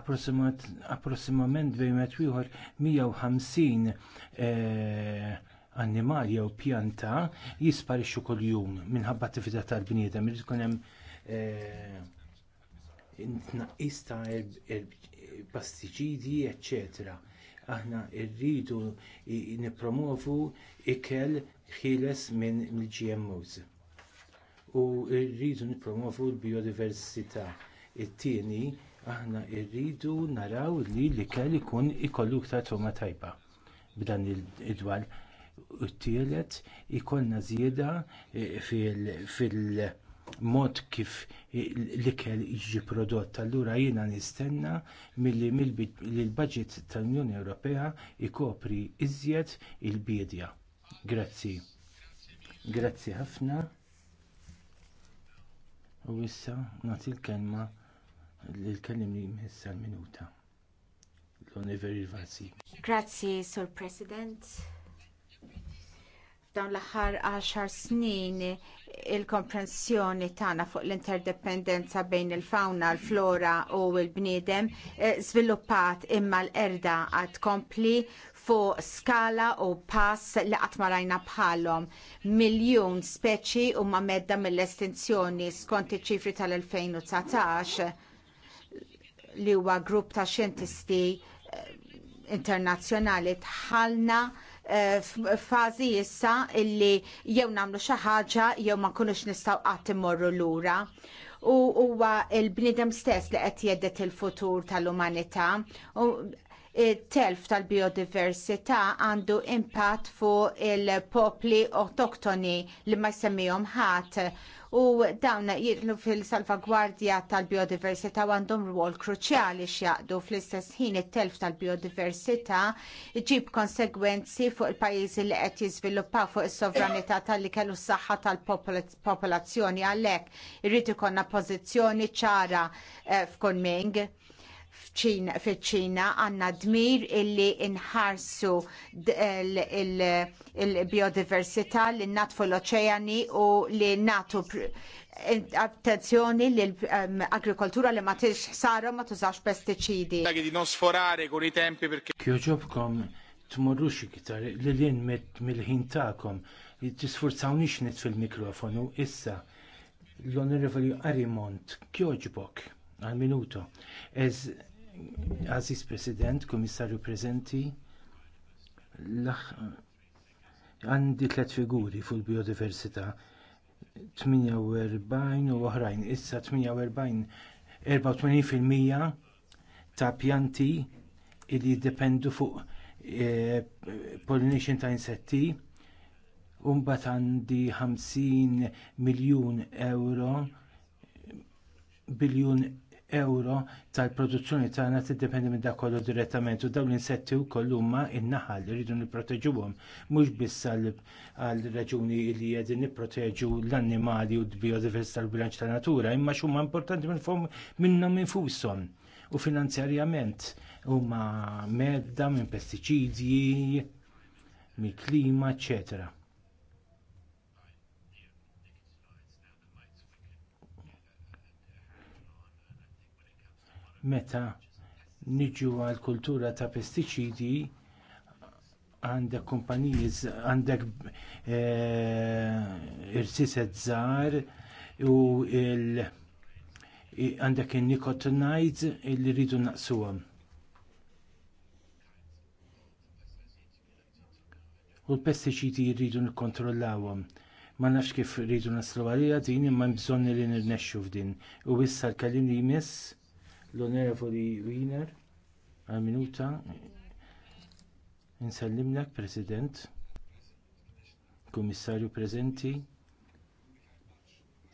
approssimament bejn meta ieħor 150 eh, animali jew pjanta jisparixxu kuljum minħabba attività tal-bniedem irid tkun hemm eh, tnaqqis ta' pesticidi, eccetera. Aħna rridu nippromovu ikel ħieles minn mill-GMOs. U rridu nippromovu l-biodiversità. It-tieni aħna rridu naraw li l-ikel ikun ikollu iktar toma tajba b'dan id-dwar. U t-tielet ikollna żieda eh, fil-, fil mod kif l-ikel jiġi prodott. Allura jiena nistenna milli l-budget tal-Unjoni Ewropea ikopri iżjed il-bidja. Grazzi. Grazzi ħafna. U issa nagħti l-kelma l-kelim li l-minuta. L-Univer Grazzi, Sur President. Dawn l-aħħar 10 snin il-komprensjoni tagħna fuq l-interdependenza bejn il-fauna, l-flora u l-bniedem eh, żviluppat imma l-erda għad kompli fuq skala u pass li qatt ma rajna bħalhom. Miljun speċi huma medda mill-estinzjoni skont iċ-ċifri tal-2019 li huwa grupp ta' xjentisti eh, internazzjonali tħallna Eh, f'fażi issa illi jew nagħmlu xi ħaġa jew ma nkunux nistgħu qatt immorru lura u huwa l bniedem stess li qed jeddet il-futur tal-umanità il-telf tal-biodiversità għandu impatt fuq il-popli autoktoni li ma jsemmihom ħadd u dawn jidlu fil-salvagwardja tal-biodiversità u għandhom rwol kruċjali x'jaqdu fl-istess ħin it-telf tal-biodiversità ġib konsegwenzi fuq il-pajjiżi li qed jiżviluppaw fuq is-sovranità tal-ikel u s-saħħa tal-popolazzjoni għalhekk irrid ikollna pożizzjoni ċara eh, f'Kunming fiċ-ċina għandna dmir illi inħarsu il-biodiversità li natfu l-oċeani u li natu attenzjoni li l-agrikoltura li ma tix ħsara ma tużax pestiċidi. Di non sforare kur i tempi perché. Kjoġobkom tmorrux iktar li l-jen mill-ħin ta'kom tisfurzawnix nit fil-mikrofonu issa l-onorevoli Arimont kjoġbok għal minuto. Ez Aziz President, Komissarju Prezenti, għandi tlet figuri fuq biodiversità 48 u oħrajn, issa 48 84% ta' pjanti li jiddependu fuq e, pollination ta' insetti u mbagħad għandi 50 miljun euro biljun euro tal-produzzjoni tagħna tiddependi minn dak kollu direttament u dawn l-insetti wkoll huma in-naħal li rridu nipproteġuhom mhux biss għal raġuni li qegħdin nipproteġu l-annimali u d-biodiversità tal-bilanċ tan-natura imma x'huma importanti minnhom minnhom infushom u finanzjarjament huma medda minn pestiċidji mill-klima, eccetera meta niġu għall kultura ta' pestiċidi għandek kumpanijiz, għandek eh, irsiset żgħar u il għandek il nikotinajt li rridu naqsuhom. U l-pestiċidi jridu nikkontrollawhom. Ma nafx kif rridu naslu għalija din imma bżonn li nirnexxu f'din. U issa l-kalim li jmiss l-onorevoli Wiener għal minuta Insellimlek, President, Kummissarju Prezenti,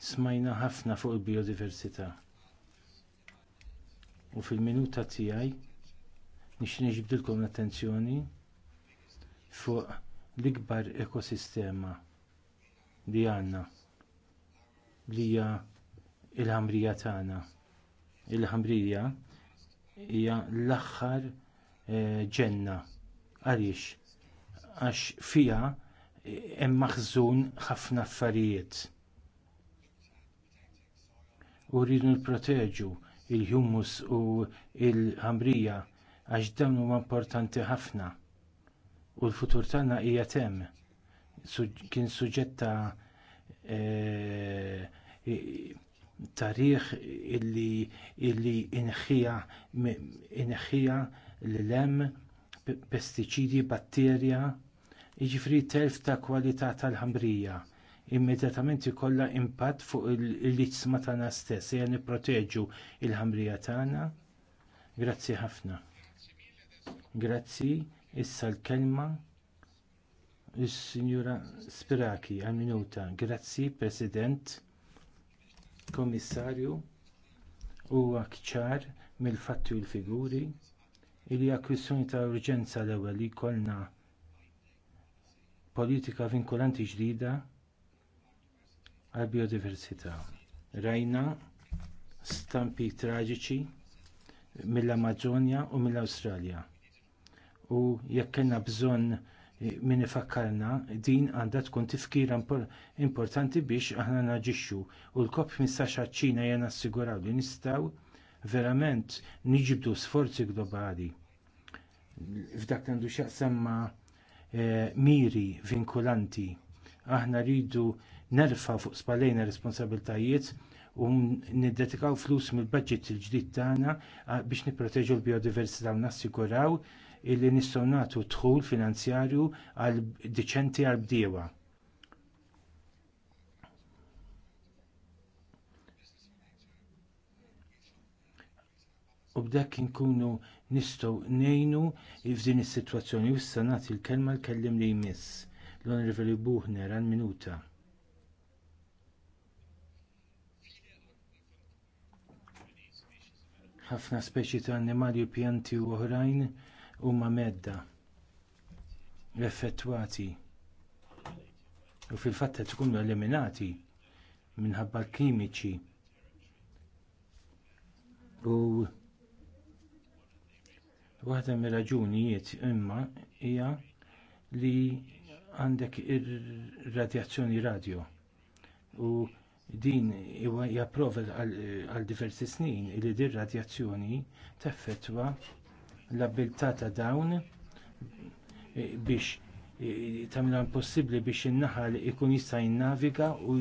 smajna ħafna fuq il-biodiversità. U fil-minuta tiegħi nix ġibdilkom l-attenzjoni fuq l-ikbar ekosistema li għandna li il ħamrija tagħna il-ħamrija hija l-aħħar eh, ġenna. Għaliex? Għax fiha eh, hemm maħżun ħafna affarijiet. U rridu nipproteġu il-humus u l ħamrija għax dawn huma importanti ħafna. U l-futur tagħna hija hemm. Kien suġġetta. Eh, tarih illi, illi inħija l-lem, pesticidi, batterja, jiġifieri telf ta' kwalità tal-ħamrija. Immedjatament ikollha impatt fuq il litsma tagħna stess, hija nipproteġu l ħamrija tagħna. Grazzi ħafna. Grazzi, issa l-kelma sinjura Spiraki għal minuta. Grazzi, President Komissarju, huwa ċar mill-fatti u l-figuri li hija kwistjoni ta' urġenza l-ewwel li jkollna politika vinkolanti ġdida għall biodiversità. Rajna stampi traġiċi mill-Amazonja u mill-Awstralja. U jekk kellna bżonn min ifakkarna din għandha tkun tifkira importanti biex aħna naġixxu u l-kop 15 ċina jena assiguraw li nistgħu verament niġibdu sforzi globali. F'dak għandu x'jaqsam e, miri vinkulanti. Aħna rridu nerfa fuq spallejna responsabiltajiet u niddetikaw flus mill-budget il-ġdid tagħna biex nipproteġu l-biodiversità u nassiguraw illi nistgħu nagħtu dħul finanzjarju għal diċenti għal bdiewa. U b'dak inkunu nistgħu ngħinu f'din is-sitwazzjoni u issa nagħti l-kelma l-kellim li jmiss. L-Onorevoli Buhner għal minuta. ħafna speċi ta' annimali u pjanti u oħrajn huma medda effettwati u fil-fatt qed ikunu eliminati minħabba l-kimiċi u waħda mir-raġunijiet imma hija li għandek ir-radjazzjoni radio u din hija prova għal diversi snin li din radjazzjoni teffettwa l-abilità ta' dawn e, biex e, tamla impossibbli biex in-naħal ikun jista' jinnaviga u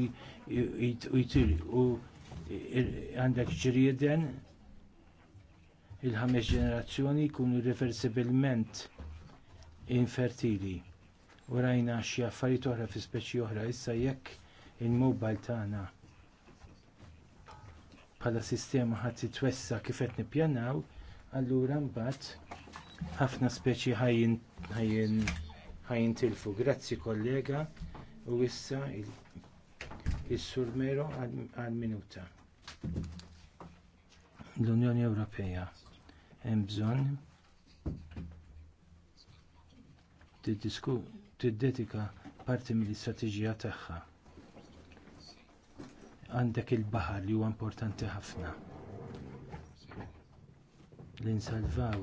jtir u e, għandek ġrieden il-ħames ġenerazzjoni jkunu reversibilment infertili. U rajna xi affarijiet oħra fi speċi oħra issa jekk il-mobile tagħna bħala sistema ħadd titwessa kif qed nippjanaw, allura mbagħad ħafna speċi ħajjin tilfu. Grazzi kollega u issa il-Sur Mero għal minuta. L-Unjoni Ewropea hemm bżonn tiddedika parti mill-istrateġija tagħha għandek il-baħar li huwa importanti ħafna li nsalvaw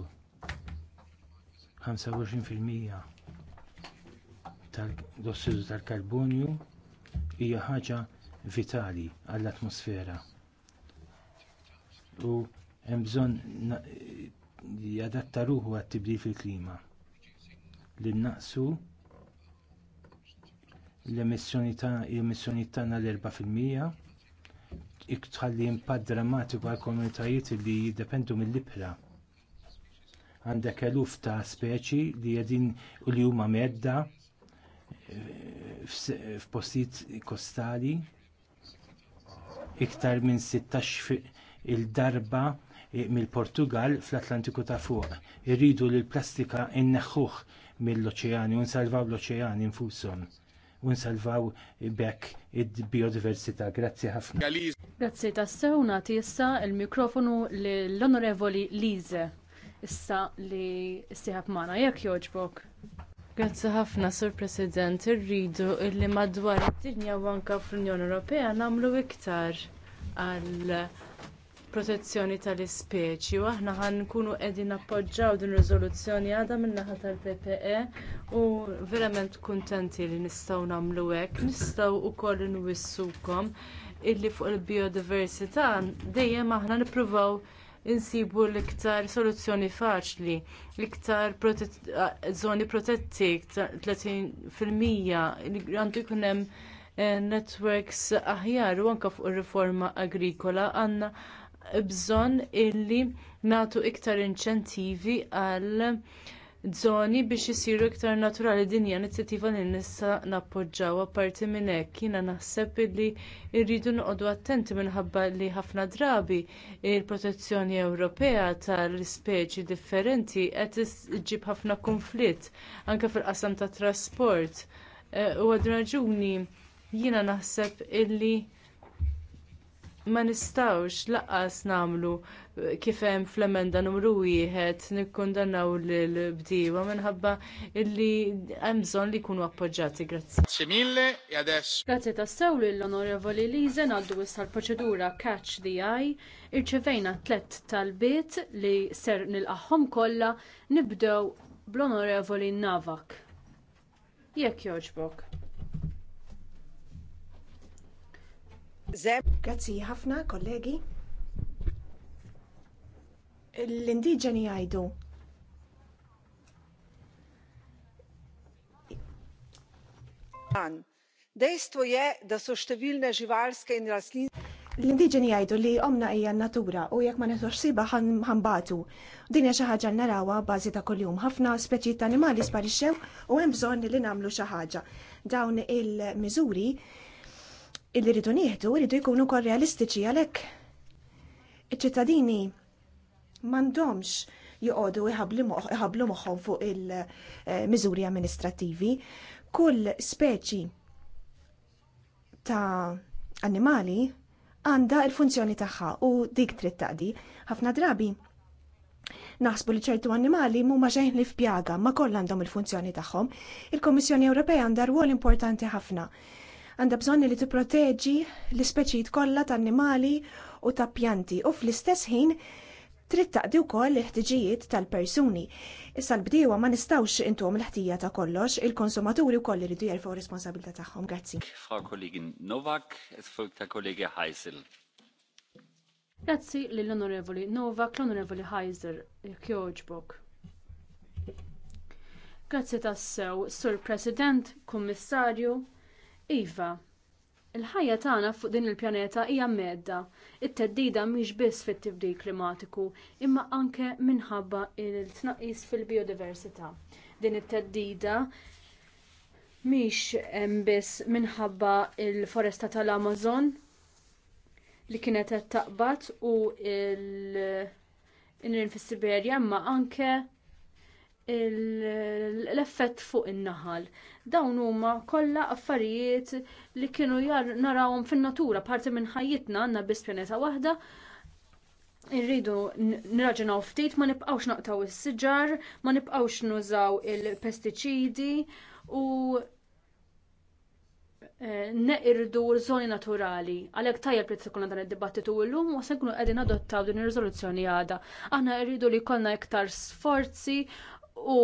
25% tal-ossidu tal-karbonju hija ħaġa vitali għall-atmosfera. U hemm bżonn jadatta ruħu għat-tibdil fil-klima. Li naqsu l-emissjoni tagħna l-4 tħalli impatt drammatiku għal komunitajiet li jiddependu mill-ibħra. Għandek eluf ta' speċi li jedin u li huma medda eh, f'postijiet kostali iktar minn 16 il-darba eh, mill-Portugal fl-Atlantiku ta' fuq. Irridu li l-plastika inneħħuh mill-oċeani u nsalvaw l-oċeani infushom u nsalvaw bekk id-biodiversità. Grazzi ħafna. Grazzi tassew nagħti issa il-mikrofonu l-Onorevoli Lize issa li siħab mana, jekk jogħġbok. Grazzi ħafna, Sur President, irridu illi madwar id-dinja u anka fl-Unjoni Ewropea nagħmlu iktar għal protezzjoni tal-ispeċi u aħna ħan nkunu qegħdin nappoġġjaw din riżoluzzjoni għadha min-naħa tal-PPE u verament kuntenti li nistgħu nagħmlu hekk. Nistgħu wkoll nwissukom illi fuq il-biodiversità dejjem aħna nippruvaw insibu l-iktar soluzzjoni faċli, l-iktar żoni protetti, 30% għandu jkun hemm eh, networks aħjar u anke fuq ir riforma agrikola għandna bżonn illi nagħtu iktar inċentivi għal żoni biex isiru iktar naturali din hija inizjattiva li nista' nappoġġjaw apparti minn hekk jiena naħseb li rridu noqogħdu attenti minħabba li ħafna drabi l protezzjoni Ewropea tal-ispeċi differenti qed iġġib ħafna kunflitt anke fil-qasam tat trasport. Eh, u għad raġuni jiena naħseb illi ma nistawx laqqas namlu eh, kif hemm fl-emenda numru wieħed nikkondannaw l-bdiewa minħabba illi hemm bżonn li jkunu appoġġjati. Grazzi. Grazzi mille e adesso. Grazzi tassew lill-Onorevoli Lize għaddu issa l-proċedura Catch the Eye. Irċevejna tlett talbiet li ser nilqaħħom kollha nibdew bl-Onorevoli Navak. Jekk jogħġbok. Grazzi ħafna, kollegi. L-indiġeni għajdu dan. je, da so številne živalske in raslin. L-indiġeni jgħidu li omna hija natura u jekk ma nitux siba ħanbatu. Din hija xi ħaġa narawha bażi ta' kuljum. Ħafna speċi ta' animali sparixxew u hemm bżonn li nagħmlu xi ħaġa. Dawn il-miżuri illi rridu nieħdu rridu jkunu kol realistiċi għalhekk. Iċ-ċittadini m'għandhomx joqogħdu iħablu moħħhom fuq il-miżuri amministrattivi. Kull speċi ta' animali għandha il-funzjoni tagħha u dik trid taqdi. Ħafna drabi Naħsbu li ċertu annimali mhuma xejn li fpjaga ma koll għandhom il-funzjoni tagħhom, il kummissjoni Ewropea għandha rwol importanti ħafna għandha bżonn li tipproteġi l-ispeċijiet kollha ta' annimali u ta' pjanti u fl-istess ħin trid taqdi wkoll l-ħtiġijiet tal-persuni. Issa l-bdiewa ma nistgħux intuhom l-ħtija ta' kollox, il-konsumaturi wkoll iridu jerfgħu responsabilità tagħhom. Grazzi. Frau Kollegin Novak, folgt ta' kollega Heisel. Grazzi lill-Onorevoli Novak, l-Onorevoli Heiser, jogħġbok. Grazzi tassew, Sur President, Kummissarju, Iva, il-ħajja tagħna fuq din il-pjaneta hija medda. It-teddida mhix biss fit-tibdil klimatiku, imma anke minħabba il-tnaqqis fil-biodiversità. Din it-teddida mhix hemm biss minħabba il-foresta tal-Amazon li kienet qed taqbad u il-nrin fis-Siberja, imma anke l-effett fuq in-naħal. Dawn huma kollha affarijiet li kienu narawhom fin-natura parti minn ħajjitna għandna biss pjaneta waħda. Irridu nirraġunaw ftit ma nibqgħux naqtaw is-siġar, ma nibqgħux nużaw il-pestiċidi u eh, neqirdu l-żoni naturali. Għalhekk tajjeb li tkun dan id-dibattitu llum u se nkunu qegħdin adottaw din ir-riżoluzzjoni għadha. Aħna rridu li jkollna iktar sforzi u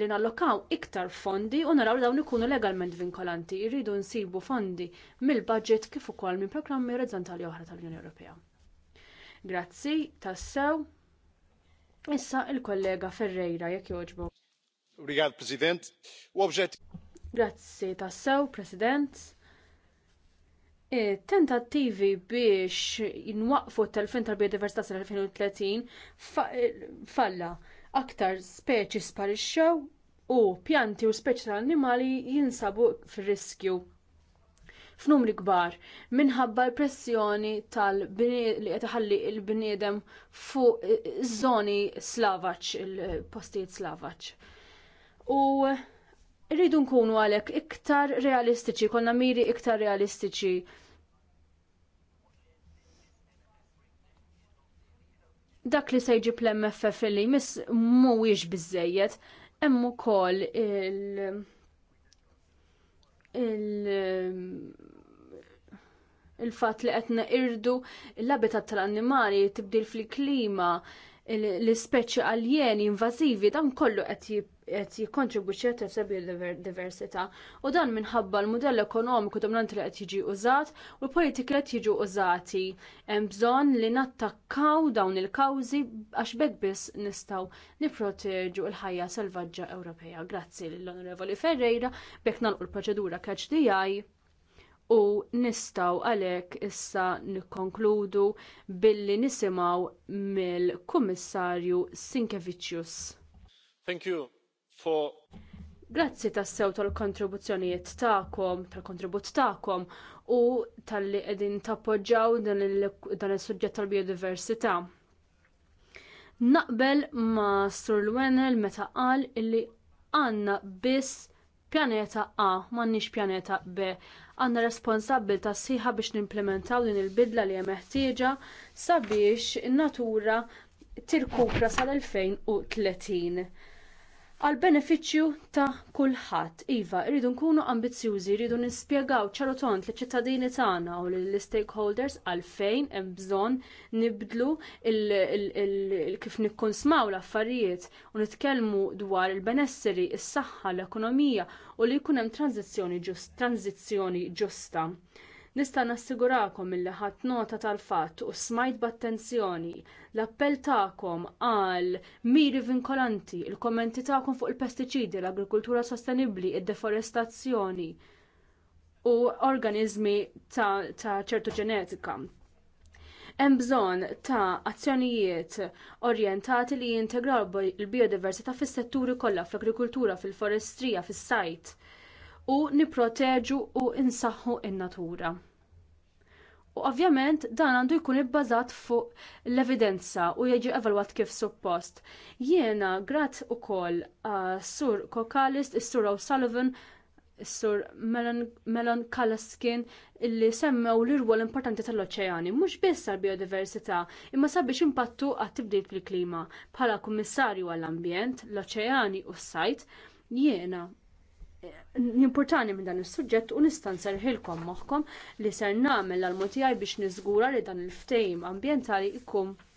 li nallokaw iktar fondi u naraw dawn ikunu legalment vinkolanti. Irridu nsibu fondi mill-budget kif ukoll minn programmi orizzontali oħra tal-Unjoni Ewropea. Grazzi, tassew. Issa il-kollega Ferreira jekk joġbu. Obrigado, President. Grazzi, tassew, President. E, tentattivi biex jinwaqfu t-telfin tal-biodiversità sal-2030 falla. Fa aktar speċi sparixxew u pjanti u speċi tal-annimali jinsabu fir-riskju f'numri kbar minħabba l-pressjoni tal-bini li qed il bniedem fuq iż-żoni slavaċ, il-postijiet slavaċ. U rridu nkunu għalhekk iktar realistiċi, konna miri iktar realistiċi dak li se jġib mff li mis mhuwiex bizzejiet, hemm ukoll il il il-fat li qed irdu l-abitat tal-annimali tibdil fil-klima l-ispeċi aljeni invażivi dan kollu qed qed jikkontribwixxi għat diversità U dan minħabba l mudell ekonomiku dominanti li qed jiġi użat u l politiki qed jiġu użati. Hemm bżonn li nattakkaw dawn il-kawżi għax bekk biss nistgħu nipproteġu l-ħajja selvaġġa Ewropea. Grazzi lill-Onorevoli Ferreira bekk nagħlqu l-proċedura catch DI u nistaw għalek issa nikkonkludu billi nisimaw mill-Kummissarju Sinkevicius. Thank you for Grazzi tassew tal-kontribuzzjonijiet tagħkom, tal-kontribut tagħkom u tal-li qegħdin tappoġġjaw dan is-suġġett tal-biodiversità. Naqbel ma' Sur Lwenel meta qal illi għandna biss pjaneta A, m'għandniex pjaneta B. Għandna responsabilta siħa biex nimplementaw din il-bidla li jemeħtieġa meħtieġa sabiex in-natura tirkupra sal-2030 għal benefiċċju ta' kulħadd. Iva, rridu nkunu ambizzjużi, rridu nispjegaw ċarotont li ċittadini tagħna u lill stakeholders għalfejn hemm bżonn nibdlu kif nikkonsmaw l-affarijiet u nitkellmu dwar il-benesseri, is-saħħa, l-ekonomija u li jkun hemm tranzizzjoni ġusta. Nista' nassigurakom illi ħadd nota tal-fatt u smajt b'attenzjoni l-appell tagħkom għal miri vinkolanti, il-kommenti tagħkom fuq il-pestiċidi, l-agrikultura sostenibbli, id-deforestazzjoni u organizmi ta' ċertu ġenetika hemm bżonn ta' azzjonijiet orjentati li jintegraw il-biodiversità fis-setturi kollha fl-agrikultura, fil-forestrija, fis-sajt u nipproteġu u insaħħu in-natura. U ovvjament dan għandu jkun ibbażat fuq l-evidenza u jiġi evalwat kif suppost. Jiena grat ukoll uh, sur Kokalist, is-sur O'Sullivan, is-sur Melon, Melon Kalaskin illi semmew l-irwol importanti tal-oċeani, mhux biss għall biodiversità imma sabiex impattu għat-tibdil fil-klima. Bħala kummissarju għall-ambjent, l-oċeani u s-sajt, jiena Nimportani minn dan is-suġġett u nista' nserħilkom moħħkom li ser nagħmel l mutijaj biex niżgura li dan il ftejm ambjentali jkun